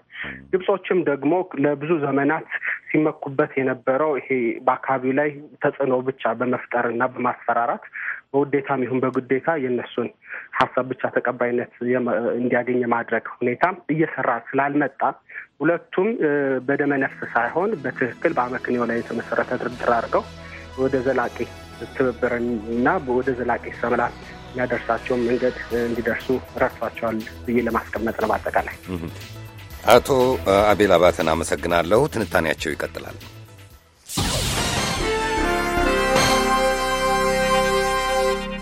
ግብጾችም ደግሞ ለብዙ ዘመናት ሲመኩበት የነበረው ይሄ በአካባቢው ላይ ተጽዕኖ ብቻ በመፍጠር እና በማስፈራራት በውዴታም ይሁን በግዴታ የእነሱን ሀሳብ ብቻ ተቀባይነት እንዲያገኝ የማድረግ ሁኔታ እየሰራ ስላልመጣ ሁለቱም በደመነፍስ ሳይሆን በትክክል በአመክንዮ ላይ የተመሰረተ ድርድር አድርገው ወደ ዘላቂ ትብብርን እና ወደ ዘላቂ ሰላም የሚያደርሳቸውን መንገድ እንዲደርሱ ረድቷቸዋል ብዬ ለማስቀመጥ ነው። በአጠቃላይ አቶ አቤል አባተን አመሰግናለሁ። ትንታኔያቸው ይቀጥላል።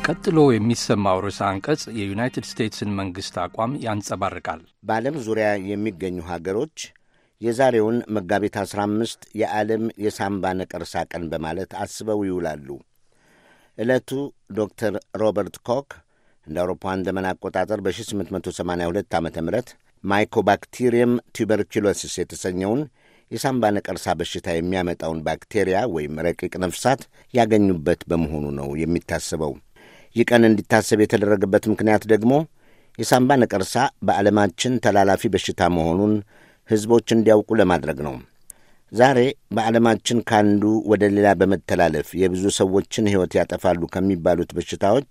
ቀጥሎ የሚሰማው ርዕሰ አንቀጽ የዩናይትድ ስቴትስን መንግሥት አቋም ያንጸባርቃል። በዓለም ዙሪያ የሚገኙ ሀገሮች የዛሬውን መጋቢት 15 የዓለም የሳምባ ነቀርሳ ቀን በማለት አስበው ይውላሉ። ዕለቱ ዶክተር ሮበርት ኮክ እንደ አውሮፓውያን ዘመን አቆጣጠር በ1882 ዓ ም ማይኮባክቴሪየም ቱበርኪሎሲስ የተሰኘውን የሳምባ ነቀርሳ በሽታ የሚያመጣውን ባክቴሪያ ወይም ረቂቅ ነፍሳት ያገኙበት በመሆኑ ነው የሚታሰበው። ይህ ቀን እንዲታሰብ የተደረገበት ምክንያት ደግሞ የሳምባ ነቀርሳ በዓለማችን ተላላፊ በሽታ መሆኑን ሕዝቦች እንዲያውቁ ለማድረግ ነው። ዛሬ በዓለማችን ካንዱ ወደ ሌላ በመተላለፍ የብዙ ሰዎችን ሕይወት ያጠፋሉ ከሚባሉት በሽታዎች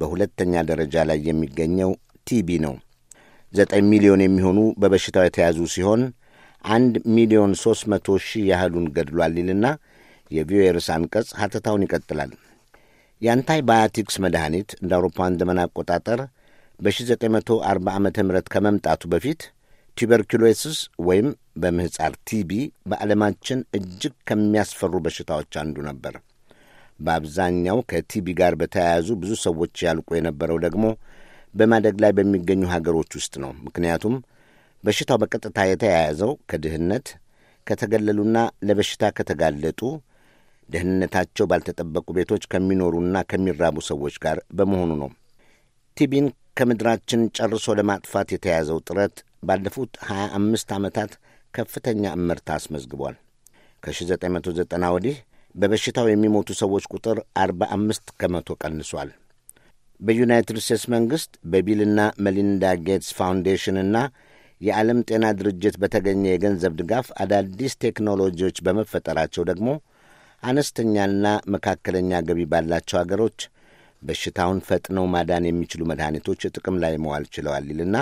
በሁለተኛ ደረጃ ላይ የሚገኘው ቲቢ ነው። ዘጠኝ ሚሊዮን የሚሆኑ በበሽታው የተያዙ ሲሆን አንድ ሚሊዮን ሦስት መቶ ሺህ ያህሉን ገድሏል ይልና የቪኦኤ ርዕሰ አንቀጽ ሐተታውን ይቀጥላል። የአንታይባዮቲክስ መድኃኒት እንደ አውሮፓውያን ዘመን አቆጣጠር በ1940 ዓ ም ከመምጣቱ በፊት ቱበርኩሎስስ ወይም በምህጻር ቲቢ በዓለማችን እጅግ ከሚያስፈሩ በሽታዎች አንዱ ነበር። በአብዛኛው ከቲቢ ጋር በተያያዙ ብዙ ሰዎች ያልቁ የነበረው ደግሞ በማደግ ላይ በሚገኙ ሀገሮች ውስጥ ነው። ምክንያቱም በሽታው በቀጥታ የተያያዘው ከድህነት ከተገለሉና ለበሽታ ከተጋለጡ ደህንነታቸው ባልተጠበቁ ቤቶች ከሚኖሩና ከሚራቡ ሰዎች ጋር በመሆኑ ነው። ቲቢን ከምድራችን ጨርሶ ለማጥፋት የተያዘው ጥረት ባለፉት 25 ዓመታት ከፍተኛ ምርት አስመዝግቧል። ከ1990 ወዲህ በበሽታው የሚሞቱ ሰዎች ቁጥር 45 ከመቶ ቀንሷል። በዩናይትድ ስቴትስ መንግሥት በቢልና መሊንዳ ጌትስ ፋውንዴሽንና የዓለም ጤና ድርጅት በተገኘ የገንዘብ ድጋፍ አዳዲስ ቴክኖሎጂዎች በመፈጠራቸው ደግሞ አነስተኛና መካከለኛ ገቢ ባላቸው አገሮች በሽታውን ፈጥነው ማዳን የሚችሉ መድኃኒቶች ጥቅም ላይ መዋል ችለዋል ይልና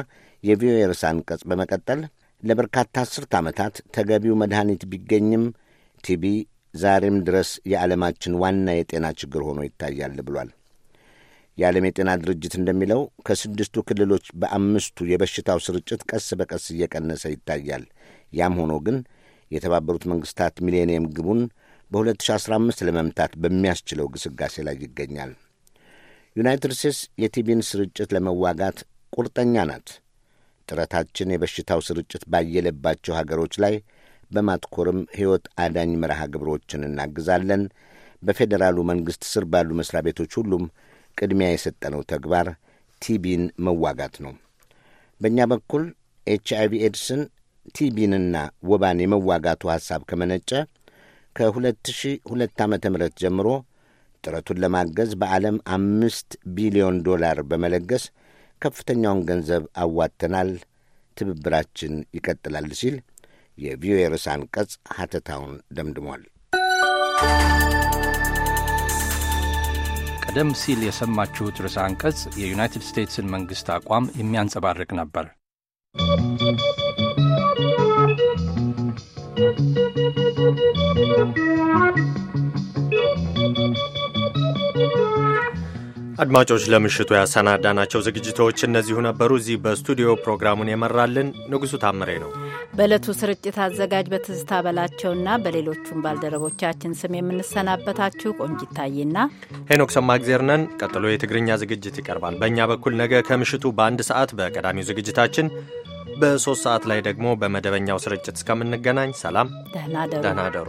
የቪኦኤ ርዕሰ አንቀጽ በመቀጠል ለበርካታ አስርት ዓመታት ተገቢው መድኃኒት ቢገኝም ቲቢ ዛሬም ድረስ የዓለማችን ዋና የጤና ችግር ሆኖ ይታያል ብሏል። የዓለም የጤና ድርጅት እንደሚለው ከስድስቱ ክልሎች በአምስቱ የበሽታው ስርጭት ቀስ በቀስ እየቀነሰ ይታያል። ያም ሆኖ ግን የተባበሩት መንግስታት ሚሌኒየም ግቡን በ2015 ለመምታት በሚያስችለው ግስጋሴ ላይ ይገኛል። ዩናይትድ ስቴትስ የቲቢን ስርጭት ለመዋጋት ቁርጠኛ ናት። ጥረታችን የበሽታው ስርጭት ባየለባቸው ሀገሮች ላይ በማትኮርም ሕይወት አዳኝ መርሃ ግብሮችን እናግዛለን። በፌዴራሉ መንግሥት ስር ባሉ መሥሪያ ቤቶች ሁሉም ቅድሚያ የሰጠነው ተግባር ቲቢን መዋጋት ነው። በእኛ በኩል ኤች አይቪ ኤድስን፣ ቲቢንና ወባን የመዋጋቱ ሐሳብ ከመነጨ ከ2002 ዓ ም ጀምሮ ጥረቱን ለማገዝ በዓለም አምስት ቢሊዮን ዶላር በመለገስ ከፍተኛውን ገንዘብ አዋጥተናል፣ ትብብራችን ይቀጥላል ሲል የቪኦኤ ርዕሰ አንቀጽ ሐተታውን ደምድሟል። ቀደም ሲል የሰማችሁት ርዕሰ አንቀጽ የዩናይትድ ስቴትስን መንግሥት አቋም የሚያንጸባርቅ ነበር። አድማጮች ለምሽቱ ያሰናዳናቸው ዝግጅቶች እነዚሁ ነበሩ። እዚህ በስቱዲዮ ፕሮግራሙን የመራልን ንጉሡ ታምሬ ነው። በዕለቱ ስርጭት አዘጋጅ በትዝታ በላቸውና በሌሎቹም ባልደረቦቻችን ስም የምንሰናበታችሁ ቆንጂት ታዬና ሄኖክ ሰማእግዜር ነን። ቀጥሎ የትግርኛ ዝግጅት ይቀርባል። በእኛ በኩል ነገ ከምሽቱ በአንድ ሰዓት በቀዳሚው ዝግጅታችን፣ በሶስት ሰዓት ላይ ደግሞ በመደበኛው ስርጭት እስከምንገናኝ ሰላም፣ ደህና ደሩ።